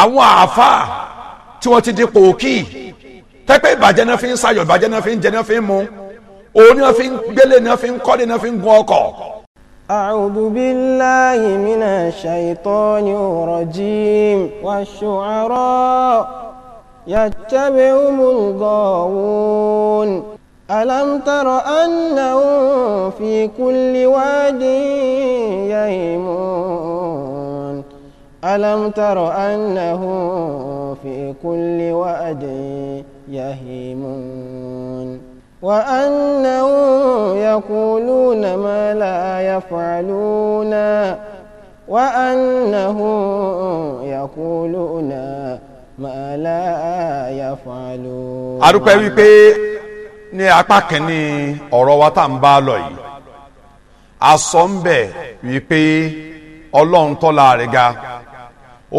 Speaker 1: àwọn àáfàá tí wọ́n ti di pòókì tẹ́pẹ́ ìbàjẹ́ náà fi ń sayọ̀ ìbàjẹ́ náà fi ń jẹ náà fi ń mu òun náà fi ń gbélé náà fi ń kọ́lé náà fi ń gun ọkọ̀.
Speaker 2: أعوذ بالله من الشيطان الرجيم والشعراء يتبعهم الغاوون ألم تر أنهم في كل واد يهيمون ألم تر أنهم في كل واد يهيمون وأنهم يقولون ما لا يفعلون وأنهم يقولون ma la yafalun. arúgbó
Speaker 1: wípé ní apá kìíní ọ̀rọ̀ wa tá à ń bá lọ yìí a sọ ń bẹ̀ wípé ọlọ́run tọ́la rẹ̀ ga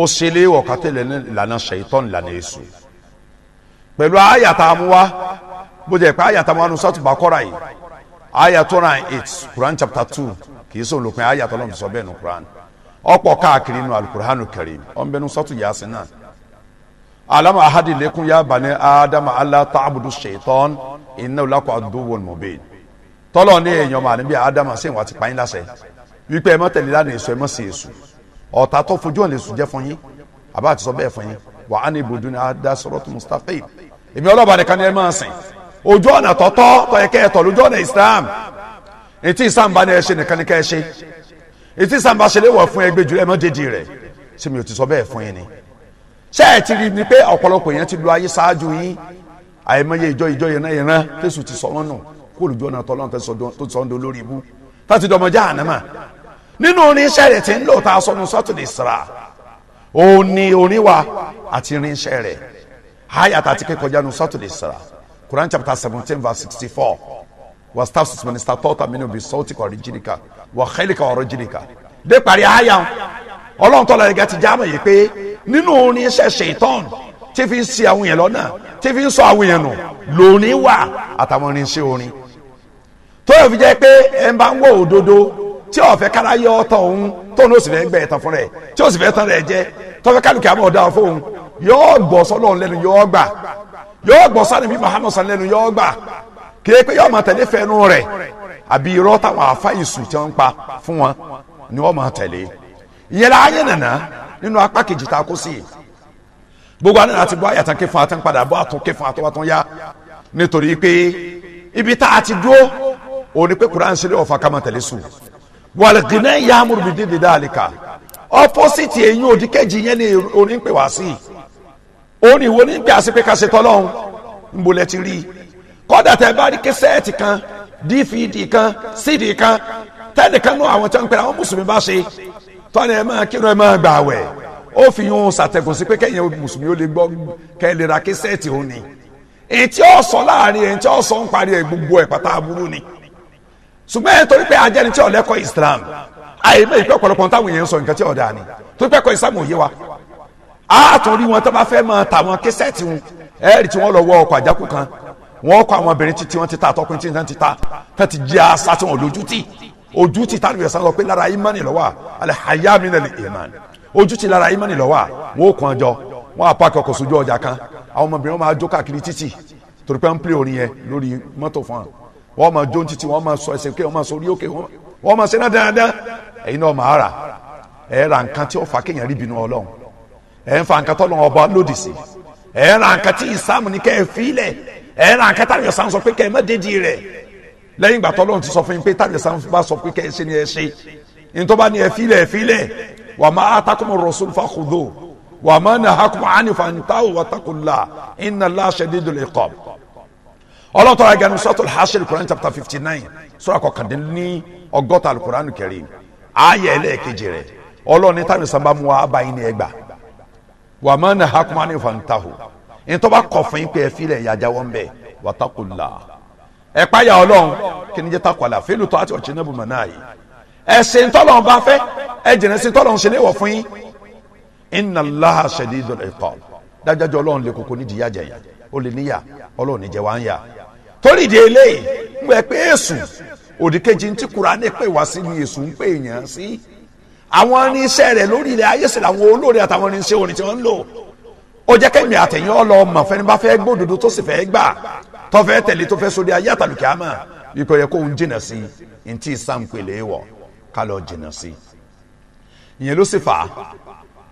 Speaker 1: ó ṣe lé wọ̀kátẹ́ lànà ṣèyítọ́n lànà èṣù pẹ̀lú àyàtà amúwá bó jẹ́ pé àyàtà amúwá nu sátùbà kọ́ra yìí àyà two nine eight Quran chapter two kì í sọ̀rọ̀ lópin àyàtà ọlọ́run sọ bẹ́ẹ̀ nu Quran ọ̀pọ̀ káàkiri nu alukuranu karim ọ̀nbẹ́nu sátù Yasin náà alamu ahadi lekun ya bani adama ala ta'budu shaitan inna lakum aduwwun mubin tọ́lọ̀ ní èèyàn mà níbi adama sẹ́yìn wa ti pa yín láṣẹ wípé ẹ má tẹ̀lé lánàá èso ẹ má ṣe èso ọ̀tá tó fojú ọ̀nà èso jẹ́ fún yín àbá àti sọ bẹ́ẹ̀ fún yín wa anibudu ni ada siratu mustaqim èmi ọlọ́ba nìkan ni ẹ máa sìn ojú ọ̀nà tọ́tọ́ tọ́ yẹ kẹ́ ẹ tọ̀ lójú ọ̀nà Islam ètí ìsàmbá ni ẹ ṣe nìkan ni kẹ́ ẹ ṣe ètí ìsàmbá ṣe léwọ̀ fún ẹgbẹ́ jùlọ ẹ má dédìí rẹ̀ ṣé mi ò ti sọ bẹ́ẹ̀ fún yín ni ṣé ẹ ti rí ni pé ọ̀pọ̀lọpọ̀ èèyàn ti lu ayé ṣáájú yín àìmọye ìjọ ìjọ yẹn náà yẹn náà tẹ̀sù ti sọ wọn nù kó olùjọ́ náà tọ́lọ́run tó sọ ń do lórí ibú láti dọmọ jahannama nínú oníṣẹ́ rẹ̀ ti ń lò tá a sọnù sọ́tùlẹ̀ sra òun ni oníwà àti irinṣẹ́ rẹ̀ ayat àti kékọjá nu sọ́tùlẹ̀ sra Quran chapter seventeen verse sixty four wa staff minister tọ́ta mi ni obi sọ́ọ̀tì kọ̀ ọ̀rẹ́jìnìkà wà xẹ́lìkà ọ̀rẹ́jìnìkà dé parí ayat ọlọ́run tọ́lá ẹ̀gá ti jáàmù yìí pé nínú orin ṣẹ̀ṣẹ̀ ìtọ́n tí fi ń ṣe àwọn èèyàn lọ́nà tí fi ń sọ àwọn èèyàn nù lónìí wà àtàwọn orin ṣe orin tó yẹ fi jẹ́ pé ẹ bá ń wò òdodo tí ọ̀fẹ́ kára yọ ọ̀tọ̀ òun tó ní òsìfẹ́ gbẹ̀ ẹ̀tàn fún rẹ̀ tí òsìfẹ́ tán rẹ̀ jẹ́ tọ́fẹ́ kálukì àmọ́ ọ̀dà fóun yóò gbọ́ sọ́lọ́run lẹ́nu yóò gbà yóò gbọ́ sani bí Muhammad sani lẹ́nu yóò gbà kí pé yóò máa tẹ̀lé fẹ́nu rẹ̀ àbí irọ́ táwọn àfa tí wọ́n ń pa fún wọn ni wọ́n máa tẹ̀lé ìyẹn la ayé nàná nínú apá kejì tá a kó sí i gbogbo àná àti bọ́ àyàtàn ké fún atán àtún ké fún yá nítorí pé ibi tá a ti dúró òun ni pé Quran ṣe lé ọ̀fà ká máa tẹ̀lé sùn wàlẹ̀gìnẹ́ ya amúrúbi dídì dáàlìkà ọ́pọ́sìtì ẹ̀yìn òdì kejì yẹn ni oní ń pè wá sí i òun ìwo ní ń pè àṣepé ká ṣe tọ́lọ́hún ń bolẹ̀ ti rí i kọ́dà tẹ́ bá rí kẹsẹ́ẹ̀tì kan dvd kan cd kan tẹ́nìkan náà àwọn tí wọ́n ń pè tọ́ni ẹ máa kírun ẹ máa gbààwẹ̀ ó fi yún ṣàtẹ̀gùn sí pé kẹ́yìn mùsùlùmí ó lè gbọ́ kẹ́ ẹ lè ra késẹ́ẹ̀tì òun ni èyí tí ó sọ láàrin èyí tí ń parí ẹ gbogbo ẹ̀ pátá aburú ni ṣùgbọ́n ẹ torí pé ajẹ́ni tí ọ̀lẹ́kọ̀ Islam àìmọ̀ ìpẹ́ ọ̀pọ̀lọpọ̀ táwọn èèyàn sọ nǹkan tí ọ̀dà ni torí pé ẹ̀kọ́ Islam ò yé wa á tún rí wọn tó bá fẹ́ máa tà wọn késẹ́ẹ̀tì wọn ẹ̀rì tí wọ́n lọ wọ ọkọ̀ àjákù kan wọ́n kọ àwọn obìnrin títí wọn ti ta àtọkùnrin títí wọn ti ta tán ti jí àṣà tí wọn lójú tì ojú ti tàbí ẹ̀sán lọ pé lára imani lọ́wọ́ alẹ́ hayá mi nà lè imani ojú ti lára imani lọ́wọ́ wọn ò kàn jọ wọn á pàkì ọkọ̀ sójú ọjà kan àwọn ọmọbìnrin wọn máa jó káàkiri títì torí pé wọn ń pè orin yẹn lórí mọ́tò fún wọn wọn máa jó títì wọn máa sọ ẹsẹ̀ òkè wọn máa sọ orí òkè wọn máa ṣe dáadáa ẹ̀yin náà máa rà ẹ̀ ra nǹkan tí ó kéèyàn rí bínú ọlọ́run ẹ̀ ń fa nǹkan tọ́lọ́run ọba lòdì sí ẹ̀ ra nǹkan tí ìsáàmù ní kẹ́ ẹ̀ fílẹ̀ ẹ̀ ra nǹkan táwọn ẹ̀sán sọ pé kẹ́ ẹ̀ má dédìí rẹ̀ lẹ́yìn ìgbà tọ́lọ́run ti sọ fún yín pé tàjẹsà bá sọ pé kẹ́ ẹ ṣe ni ẹ ṣe ntọ́ba ni ẹ filẹ̀ ẹ filẹ̀ wà má atakumu rasul fakhudu wà má nahakum ani fantahu wattaqullah inna Allaha shadidul iqab ọlọ́tọ̀ ayé ganu suratul Hashr Quran chapter fifty nine sura kọkàndínní ọgọ́ta alukuran kẹrin ayé ẹlẹ́ẹ̀kejì rẹ̀ ọlọ́ọ̀ni tàjẹsà bá mu wa abayin ni ẹ gbà wà má nahakum ani fantahu ntọ́ba kọ̀ fún yín pé ẹ filẹ̀ ìyàjà ẹ páyà ọlọ́run kí ni jẹ́ takwala fẹ́lú tó àti ọ̀chẹ́ nẹ́bùmọ̀ náà yìí ẹ̀sìn tọ́lọ̀ bá fẹ́ ẹ jìnnà sí tọ́lọ̀ ṣe léwọ̀ fún yín inna Allaha shadidul iqab dájájọ́ ọlọ́run lè koko nídìí yá jẹ̀yà ó lè níyà ọlọ́run níjẹ̀ wá ń yà torí ìdí eléyìí ń gbẹ pé èsù òdìkejì ń tí Kùránì pè wá sí ni èsù ń pè yàn sí àwọn irinṣẹ́ rẹ̀ lórí ilẹ̀ ayé sì làwọn olóore àtàwọn irinṣẹ́ orin tí wọ́n ń lò ó jẹ́ kẹ́mi àtẹ̀yìn ọlọ́ọ̀mọ̀ fẹ́ni bá fẹ́ gbódodo tó sì fẹ́ gbà tọ́fẹ́ tẹ̀lé tó fẹ́ sórí ayé àtàlùkẹ́ àmà ikọ̀ yẹ kó ń jìnà sí i ntí sàǹpẹ̀lẹ̀ wọ̀ ká lọ jìnà sí ìyẹn ló sì fà á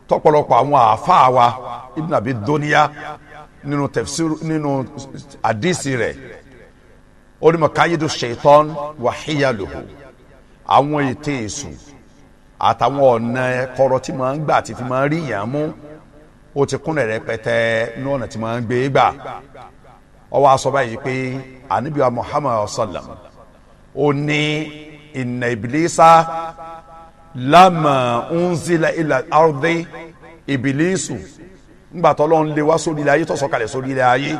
Speaker 1: tọ́pọ̀lọpọ̀ àwọn àáfàá wa Ibn Abi Dunya nínú tafsir nínú àdìsí rẹ̀ ó ní makayidu shaitan wa hiyaluhu àwọn ète èṣù àtàwọn ọ̀nà ẹ̀kọ́rọ̀ tí máa ń gbà tí fi máa ń rí yàn mú ó ti kúnlẹ̀ rẹpẹtẹ ní ọ̀nà tí máa ń gbé gbà ó wá sọ báyìí pé ànábì wa muhammad sallam ó ní inna iblisa lámà unzila ila ardi ibilisu ńgbà tó lọ́n lé wá sórí ilẹ̀ ayé tó sọ̀kalẹ̀ sórí ilẹ̀ ayé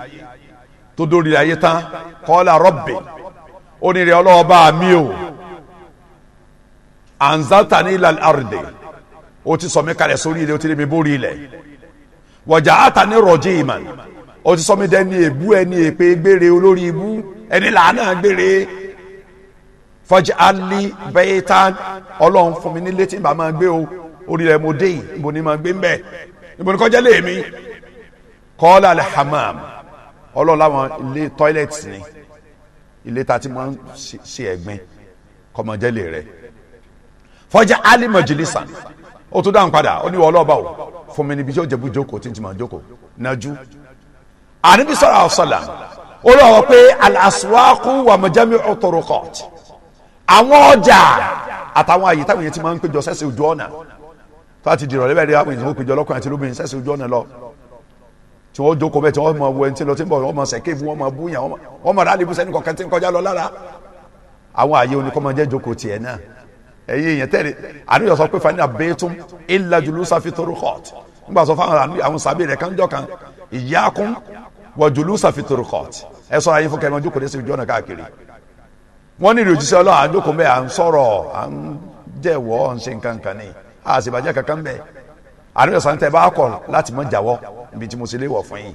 Speaker 1: tó dórí ilẹ̀ ayé tán kọ́lá rabbi ó ní rẹ̀ ọlọ́ọ̀bá mi o anzata ní ilal ardi ó ti sọ mí kalẹ̀ sórí ilẹ̀ ó ti lé mi bórí ilẹ̀ wọ̀jà àtà ní rọ̀jì ìmàn ó ti sọ mí èbú ẹni èpè gbére olórí ibú ẹni làánà gbére ali bẹyẹtàn Ọlọ́run fún mi nílé tí n bá máa gbé o orí rẹ mo dé yìí ni máa gbé mbẹ ibo ni kọjá alhamam láwọn ilé tọ́ílẹ̀tì ni ilé ta ti máa ń ṣe ẹ̀gbin ali ó tún dáhùn padà ó ní wọ́n ọlọ́ọ̀bá o fún mi níbi tí ó jẹ́ àníbi sọ̀rọ̀ àwòsàlà ó lọ́wọ́ pé alasuwaku wà mọ̀jámi ọ̀tọ̀rọ̀kọ̀t àwọn ọjà àtàwọn àyè táwọn èèyàn ti máa ń péjọ sẹ́sẹ̀ ojú ọ̀nà tó a ti dìrọ̀ lẹ́bẹ̀ẹ́ rí àwọn èèyàn ó péjọ ọlọ́kùnrin àti lóbìnrin sẹ́sẹ̀ ojú ọ̀nà lọ tí wọ́n jókòó bẹ́ẹ̀ tí wọ́n máa wọ ẹni tí lọ tí ń bọ̀ wọ́n máa sẹ̀kẹ́ fún wọ́n máa búyàn wọ́n máa ráàlì bùsẹ̀ nìkan kẹ́ntì kọjá lọ lára àwọn àyè oníkọ́mọ jẹ́ jókòó tiẹ̀ náà ẹ̀yin èèyàn tẹ̀lé àníyàn sọ pé fanina bẹ́ẹ̀tún ìlà nígbà sọ fún àwọn sàbẹ̀ rẹ̀ kánjọ́ kan ìyá kún wọ́n jòlú sàfitòrò court ẹ sọ ayé fún kẹmẹ ojú kò ní síbi jọ́nà káàkiri wọ́n ní ìròjísẹ́ ọlọ́run àdókò mẹ́ à ń sọ̀rọ̀ à ń jẹ́wọ́ à ń ṣe nǹkan kan ní àṣìbàjẹ́ kankan bẹ́ẹ̀ àdúrà sàǹtẹ̀ bá kọ̀ láti mọ̀ jáwọ́ ibi tí mo ṣe lè wọ̀ fún yìí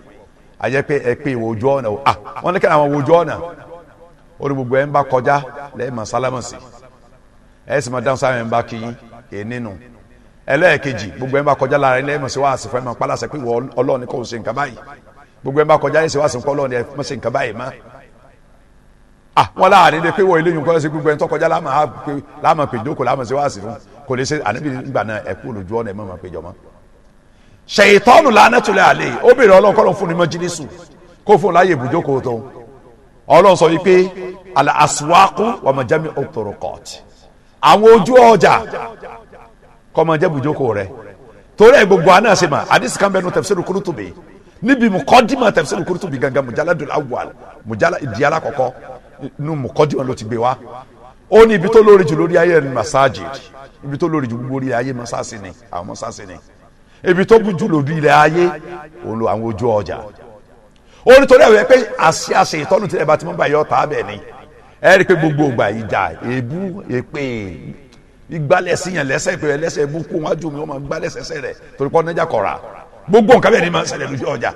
Speaker 1: àjẹ́ pé ẹ pé ìwò ojú ọ̀nà à wọ́n ní kẹ́ni àwọn ojú ọ̀nà orí gbogbo ẹ̀ ń bá kọjá lẹ́ẹ̀mọ̀ sálámọ̀sì sí gbogbo ẹ bá kọjá yín sí wá sí nǹkan lọ́ọ̀ni ẹ mọ̀ sí nǹkan báyìí má. wọn láàrin de pé wọ ilé yìí nǹkan ṣe gbogbo ẹ tó kọjá láàmà pé jókòó láàmà sí wá sí fún kò lè ṣe ànábì nígbà náà ẹ kú lójú ọ̀nà ẹ mọ̀ máa péjọ mọ́. ṣèyítọ́nù lánàtúlẹ̀ àlè ó béèrè ọlọ́run kọ́lọ́ fún ni májílísù kó fún láàyè ibùjókòó tó ọlọ́run sọ wípé àlà àsùwákú wàmọ̀jámi òtòrọ̀kọ̀tì àwọn ojú ọjà kọ́mọjẹ́ níbi mukọ́dìmọ̀ tafsir Qurtubi bi gangan mujaladul awwal mujala ìdíyàlá kọ̀kọ́ nu mukọ́dìmọ̀ ló ti gbé wa ó ní ibi tó lórí jù lórí ayé masajid ibi tó lórí jù lórí ayé masasi ni àwọn masasi ni ibi tó bu jù lórí ilẹ̀ ayé òun lo àwọn ojú ọjà ó ní torí àwọn pé àṣẹ àṣẹ ìtọ́nù tí ẹ bá ti mú bá yọ ọ̀tá ni ẹ rí i pé gbogbo ògbà ìjà èébú èpè ìgbálẹ̀ síyàn lẹ́sẹ̀ pé ẹlẹ́sẹ̀ ebú kó wájú mi wọ́n máa gbálẹ̀ sẹ́sẹ̀ rẹ̀ torí pọ́n gbogbo nǹkan bẹ́ẹ̀ ni máa ń ṣẹlẹ̀ lójú ọjà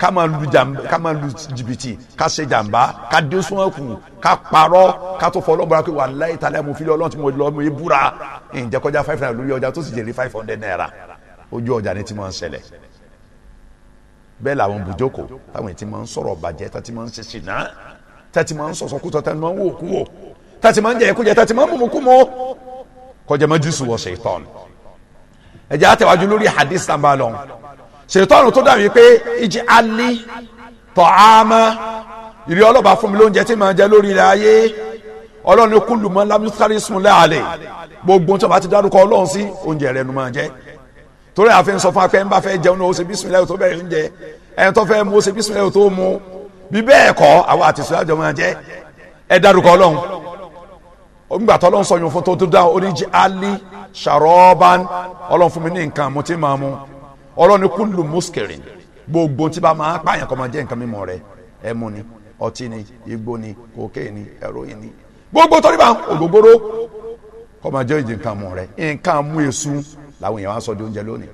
Speaker 1: ká máa lu jàmbá ká máa lu jìbìtì ká ṣe jàmbá ká dé sọ́ọ̀kù ká parọ́ ká tó fọ ọlọ́mọdé pé wàláhì tálẹ́ mo fi lé ọlọ́run tí mo lọ mo yé búra ǹjẹ́ kọjá five naira lórí ọjà tó sì jèrè five hundred naira ojú ọjà ni ti máa ń ṣẹlẹ̀ bẹ́ẹ̀ làwọn bùjókòó táwọn ti máa ń sọ̀rọ̀ bàjẹ́ tá ti máa ń ṣe ṣìnà tá ti máa ń sọ̀sọ̀ kútọ̀ tá máa ń wò kú wò máa ń ṣètọ́nù tó dàbí pé ìjì alí tọ̀ àmọ́ ìrì ọlọ́ba fún mi lóúnjẹ tí màá jẹ lórí ilẹ̀ ayé ọlọ́run kúlù mọ́ lámúsárì sùn láàlẹ̀ gbogbo tí wọ́n bá ti dárúkọ ọlọ́run sí oúnjẹ rẹ̀ nu máa jẹ torí àfihàn sọ fún apẹ́ ń bá fẹ́ jẹun náà ó ṣe bísímìlẹ̀ tó bẹ̀rẹ̀ oúnjẹ ẹni tó fẹ́ mu ó ṣe bísímìlẹ̀ tó mu bí bẹ́ẹ̀ kọ́ àwọn àtìsọ́ àjọ máa jẹ ẹ dárúkọ ọlọ́run nígbà tó ọlọ́run sọ yòó fún tó tó oníjì alí ṣàrọ́ọ́bán ọlọ́run fún mi ní nǹkan mo ti máa mu ọlọ́ni kúlù muskirin gbogbo tí bá máa pààyàn kọ́ máa jẹ́ nǹkan mímọ́ rẹ ẹmu ni ọtí ni igbó ni kòkéè ni ẹ̀rọyìn ni gbogbo torí bá ògógóró kọ́ máa jẹ́ ìdí nǹkan mọ̀ rẹ nǹkan mú èso làwọn èèyàn wá sọ di oúnjẹ lónìí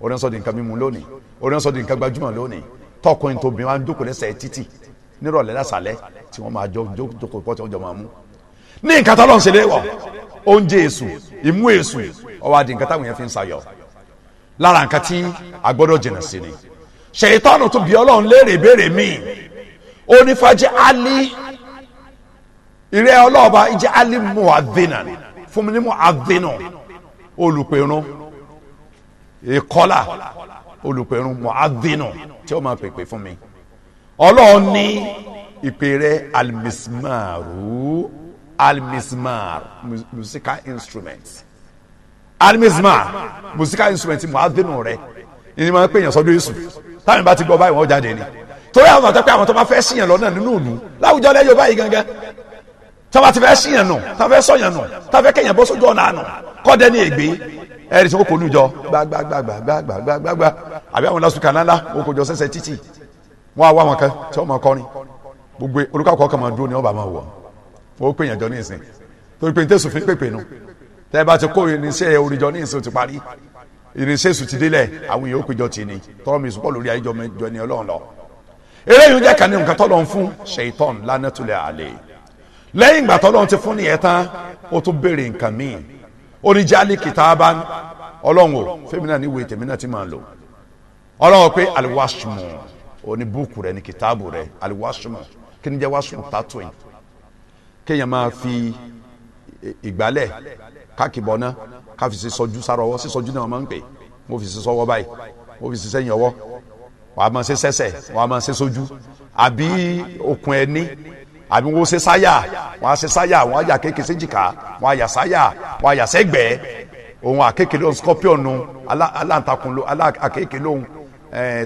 Speaker 1: orin sọ di nǹkan mímu lónìí orin sọ di nǹkan gbajúmọ̀ lónìí tọkùnrin tóbi wá ń jókòó lẹ́sẹ̀ títì nírọ̀lẹ́ lásàlẹ̀ tí wọ́n máa jọ jókòó pọ̀ tí máa mú ní nǹkan tó lọ́n ṣe léwọ̀ oúnjẹ èso ìmú èso ó wá nǹkan táwọn yẹn fi ń sayọ̀ lára nǹkan tí a gbọ́dọ̀ jìnnà sí ni ṣèyítọ́nù tún bí ọlọ́run léèrè béèrè míì ó ní fàájẹ́ alí ìrẹ́ ọlọ́ọ̀ba ìjẹ́ alí muadhina fún mi ní muadhina olùpẹ̀rún ìkọ́là olùpẹ̀rún muadhina tí ó máa pèpè fún mi ọlọ́run ní ìpè rẹ̀ alimismaru musical instruments alimizma musical instrument mu adinu rẹ ìní máa ń pèèyàn sọdún yéṣu táwọn ìbá ti gbọ́ báyìí wọ́n jáde ni torí àwọn àtẹ́pẹ́ àwọn tó bá fẹ́ síyàn lọ́nà nínú ìlú láwùjọ lẹ́yìn báyìí gangan tó bá ti fẹ́ síyàn nù tó fẹ́ sọ̀yàn nù tó fẹ́ kẹ̀yàn bó sójú ọ̀nà àná kọ́dẹ́ ní ègbé ẹ̀rí tí wọ́n kò níjọ gbàgbàgbàgbàgbàgbàgbà àbí àwọn lásùkà ńláńlá wọn kò jọ sẹ́sẹ̀ títì wọn á wá wọn kan tí wọ́n máa kọrin gbogbo olùkọ́ àkọ́kọ́ máa dúró ni wọ́n bá máa wọ̀ wọ́n pè yàn jọ ní ìsìn torí pé ní tẹ̀sùn fi pèpè nù tẹ́ ẹ bá ti kó irinṣẹ́ oríjọ ní ìsìn ti parí irinṣẹ́ èṣù ti délẹ̀ àwọn èèyàn òkèjọ ti ni tọ́ọ̀mù ìsopọ̀ lórí ayéjọ mẹjọ ni ọlọ́run lọ. eléyìí jẹ́ kàní nǹkan tọ́lọ́run fún ṣèitọ́n lánàtúlẹ̀ àlè lẹ́yìn ìgbà tọ́lọ́run ti fún nìyẹn tán ó tún béèrè nǹkan míì ó ní jáálì kìtàbá ọlọ́run o fẹ́mi náà níwèé tèmi náà ti máa lò ọlọ́run pé aliwasumu ó ní búùkù rẹ ní kìtàbù rẹ aliwasumu kí ni jẹ́ wasumu tatuin kéèyàn máa fi ìgbálẹ̀ kákìbọ̀ náà káfi sí sọjú sára ọwọ́ sí sọjú náà máa ń pè mo fi sí sọwọ́ báyìí mo fi sí sẹ́yìn ọwọ́ wàá máa ṣe sẹ́sẹ̀ wàá máa se sójú àbí okùn ẹni àbí wọ́n ṣe sáyà wọ́n á ṣe sáyà wọ́n á yà kéèké séjìká wọ́n á yà sáyà wọ́n á yà sẹ́gbẹ̀ẹ́ òun àkékèlé òun scorpion òun aláǹtakùn lòun aláàkékèlé òun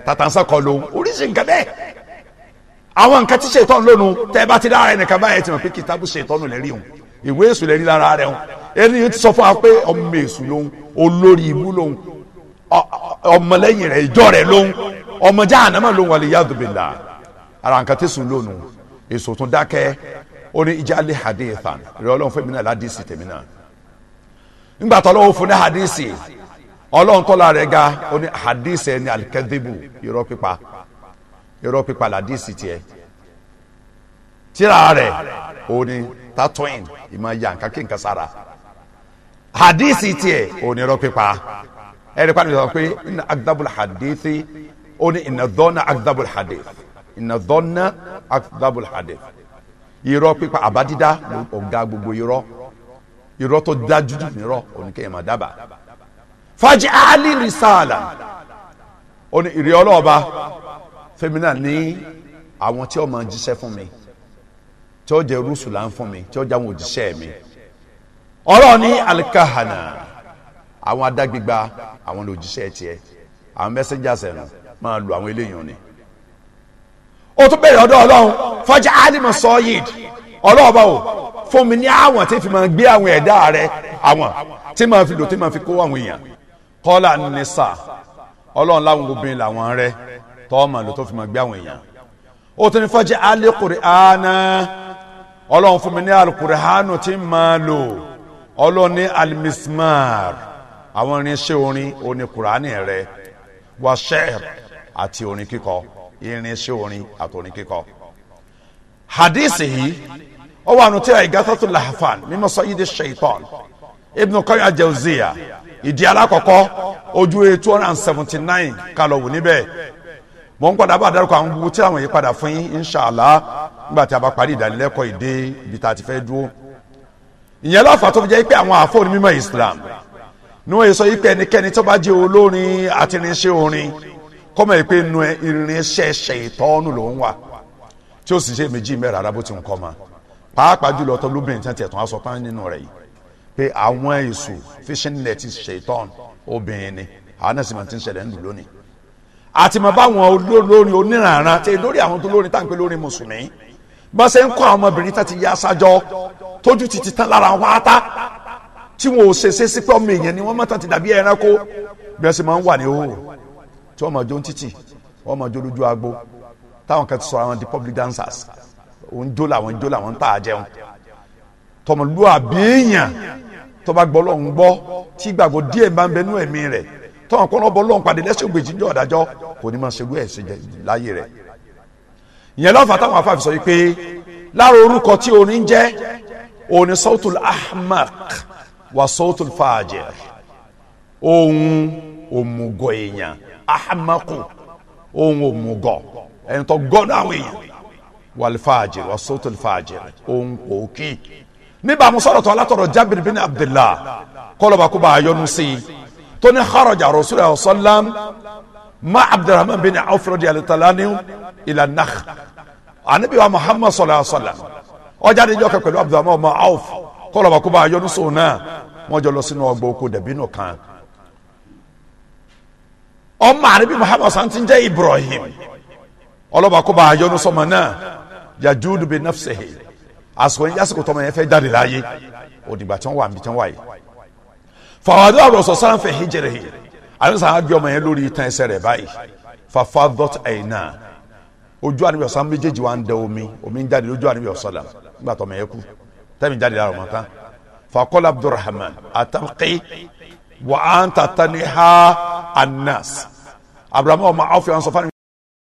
Speaker 1: tatansakọ lòun oríṣi nǹkan bẹ́ẹ̀ àwọn nǹkan tí ṣètọ́n lónìí tẹ́ bá ti dára ẹnìkan báyẹn ti mọ̀ pé kìtàbù ṣètọ́nù lẹ́rí òun ìwé èṣù lẹ́rí lára rẹ̀ òun ẹni yóò ti sọ fún wa pé ọmọ su lòun olórí ibú lòun ọmọlẹ́yìn rẹ̀ ìjọ rẹ̀ lòun ọmọ jahannama lòun wà lè yàtọ̀ bìlà ara nǹkan tẹ̀sùn lónù èṣù tún dákẹ́ ó ìjà lè hadithan rẹ ọlọ́run fún mi náà ládìsí tèmi náà nígbà tó ọlọ́run fún ní hadisi ọlọ́run tọ́lá rẹ̀ ga ó ní hadisi ẹni alikẹ́dẹ́bù irọ́ pípa irọ́ pípa tíra tatoin ìmọ̀ ya nǹkan hadisi tiẹ̀ onírọ́ pípa ẹ̀rí pàdé sọ pé inna akdabul hadisi ó ní inna dhanna akdabul hadisi inna dhanna akdabul hadisi irọ́ pípa àbádídá ọ̀gá gbogbo irọ́ irọ́ tó dájú jù nírọ́ oníkẹ́yìn máa dábàá fájí ali risala ó ní ìrì ọlọ́ọ̀ba fẹ́mínà ní àwọn tí ó máa jíṣẹ́ fún mi tí ó jẹ́ rúṣùlá fún mi tí ó jẹ́ àwọn òjíṣẹ́ mi. ọlọ́run ni alikahana àwọn adágbégbá àwọn lòjíṣẹ́ tiẹ̀ àwọn messengers ẹ̀nu máa lu àwọn eléyìí ni. ó tún bẹ̀rẹ̀ ọlọ́run fọjá ọlọ́ọ̀bá o fún mi ní àwọn tí fi máa gbé àwọn ẹ̀dá rẹ àwọn tí máa fi lò tí máa fi kó àwọn èèyàn kọ́lá nìsa ọlọ́run láwọn obìnrin làwọn rẹ tọ́ọ̀mà ló tó fi máa gbé àwọn èèyàn tún ní ọlọ́run ní alimismar àwọn irinṣẹ́ orin oní kùránì rẹ̀ washer àti orin kíkọ irinṣẹ́ orin àti orin kíkọ. hadisi yìí ó wà nù tí a Igathatul Lahfan mímọ sọyídì shaitan Ibn Qayyim al-Jawziyya ìdí alákọ̀ọ́kọ́ ojú e two hundred and seventy nine kálọ̀ wù níbẹ̀ mo ń padà bá àdárúkọ àwọn gbogbo tí àwọn yìí padà fún yín inshàlá nígbà tí a bá parí ìdánilẹ́kọ̀ọ́ ìdè ibi tá a ti fẹ́ dúró ìyẹn láfa tó fi jẹ́ pé àwọn àfọ onímọ̀ Islam ni wọ́n yẹ sọ pé ẹnikẹ́ni tó bá jẹ́ olórin àti irinṣẹ́ orin kọ́mọ̀ yìí pé nu irinṣẹ́ ṣètọ́nù ló ń wà tí ó sì ṣe méjì mẹ́rin ara bó ti ń kọ́ ma pàápàá jùlọ tó lóbìnrin tí wọ́n ti ẹ̀ tún wá sọ pé nínú rẹ̀ yìí pé àwọn èso fishing net ṣètọ́nù obìnrin ni àwọn náà sì máa ti ń ṣẹlẹ̀ ń lù lónìí àtìmọ̀ báwọn olórin oníranran tí lórí àwọn tó lórin táǹpẹ́ lórin mùsùlùmí bọ́n ṣe ń kọ́ àwọn ọmọbìnrin tán ti yá aṣájọ́ tójú ti ti tán lára wọn ata tí wọn ò ṣe ṣe sí pé ọmọ èèyàn ni wọ́n mọ̀tàn ti dàbí ẹranko bí wọ́n ṣe máa ń wà ní òwò tí wọ́n máa jó ń títì wọ́n máa jó lójú agbo táwọn kan ti sọ àwọn the public dancers òun jó làwọn jó làwọn ń tà á jẹun tọmọlúwàbí èèyàn tó bá gbọ́ lọ́hùn gbọ́ tí gbàgbọ́ díẹ̀ bá ń bẹ nú ẹ̀mí rẹ̀ tọ́wọ́n kọ́ lọ́bọ̀ lọ́hùn pàdé lẹ́sìn ògbèjì ìyẹn lọ́fà táwọn afáàfi sọ wípé lára orúkọ tí orin jẹ́ òní sọ́tùl ahmaq wà sọ́tùl fàájẹ̀ ohun òmùgọ̀ èèyàn ahmaku ohun òmùgọ̀ ẹni tó gọ́dọ̀ àwọn èèyàn wàlfàájẹ̀ wà sọ́tùl fàájẹ̀ ohun pòókì níbà mú tó alátọ̀rọ̀ jábìrì bin abdullah kọlọ́ba kó bá a yọnu sí i tó ní kharaja rasulullah sallam ma abdulrahman bin awf radiyallahu ta'ala anhu ila nakh anabi wa muhammad sallallahu alaihi wa sallam ọjà de jọ kẹ pẹ̀lú abdulrahman ọmọ awf kọlọba kó bá yọnu sóun náà wọn jọ lọ sínú ọgbà oko dàbínù kan ọmọ anabi muhammad santi jẹ ibrahim ọlọba kó bá yọnu sọmọ náà yajudu bi nafsihi àsìkò yẹn yasiko tọmọ yẹn fẹ́ jáde láàyè òdìgbà tí wọn wà níbi tí wọn wà yìí
Speaker 3: fàwọn àdúrà rọ sọ sáà ń fẹ́ hijrẹhi
Speaker 1: àyànsá á gbé ọmọ yẹn lórí itan ẹsẹ̀ rẹ̀ báyìí fafa dot ẹ̀yìnà ojú àníbi ọ̀sán méjèèjì wa ń dẹ omi omi ń jáde lójú àníbi ọ̀sán dàm nígbà tó ọmọ yẹn kú tẹ́mi jáde lára ọmọ tán fakọ́lá abdulrahman atamqi wa anta taniha annas abdulrahman ọmọ awfi ansofani.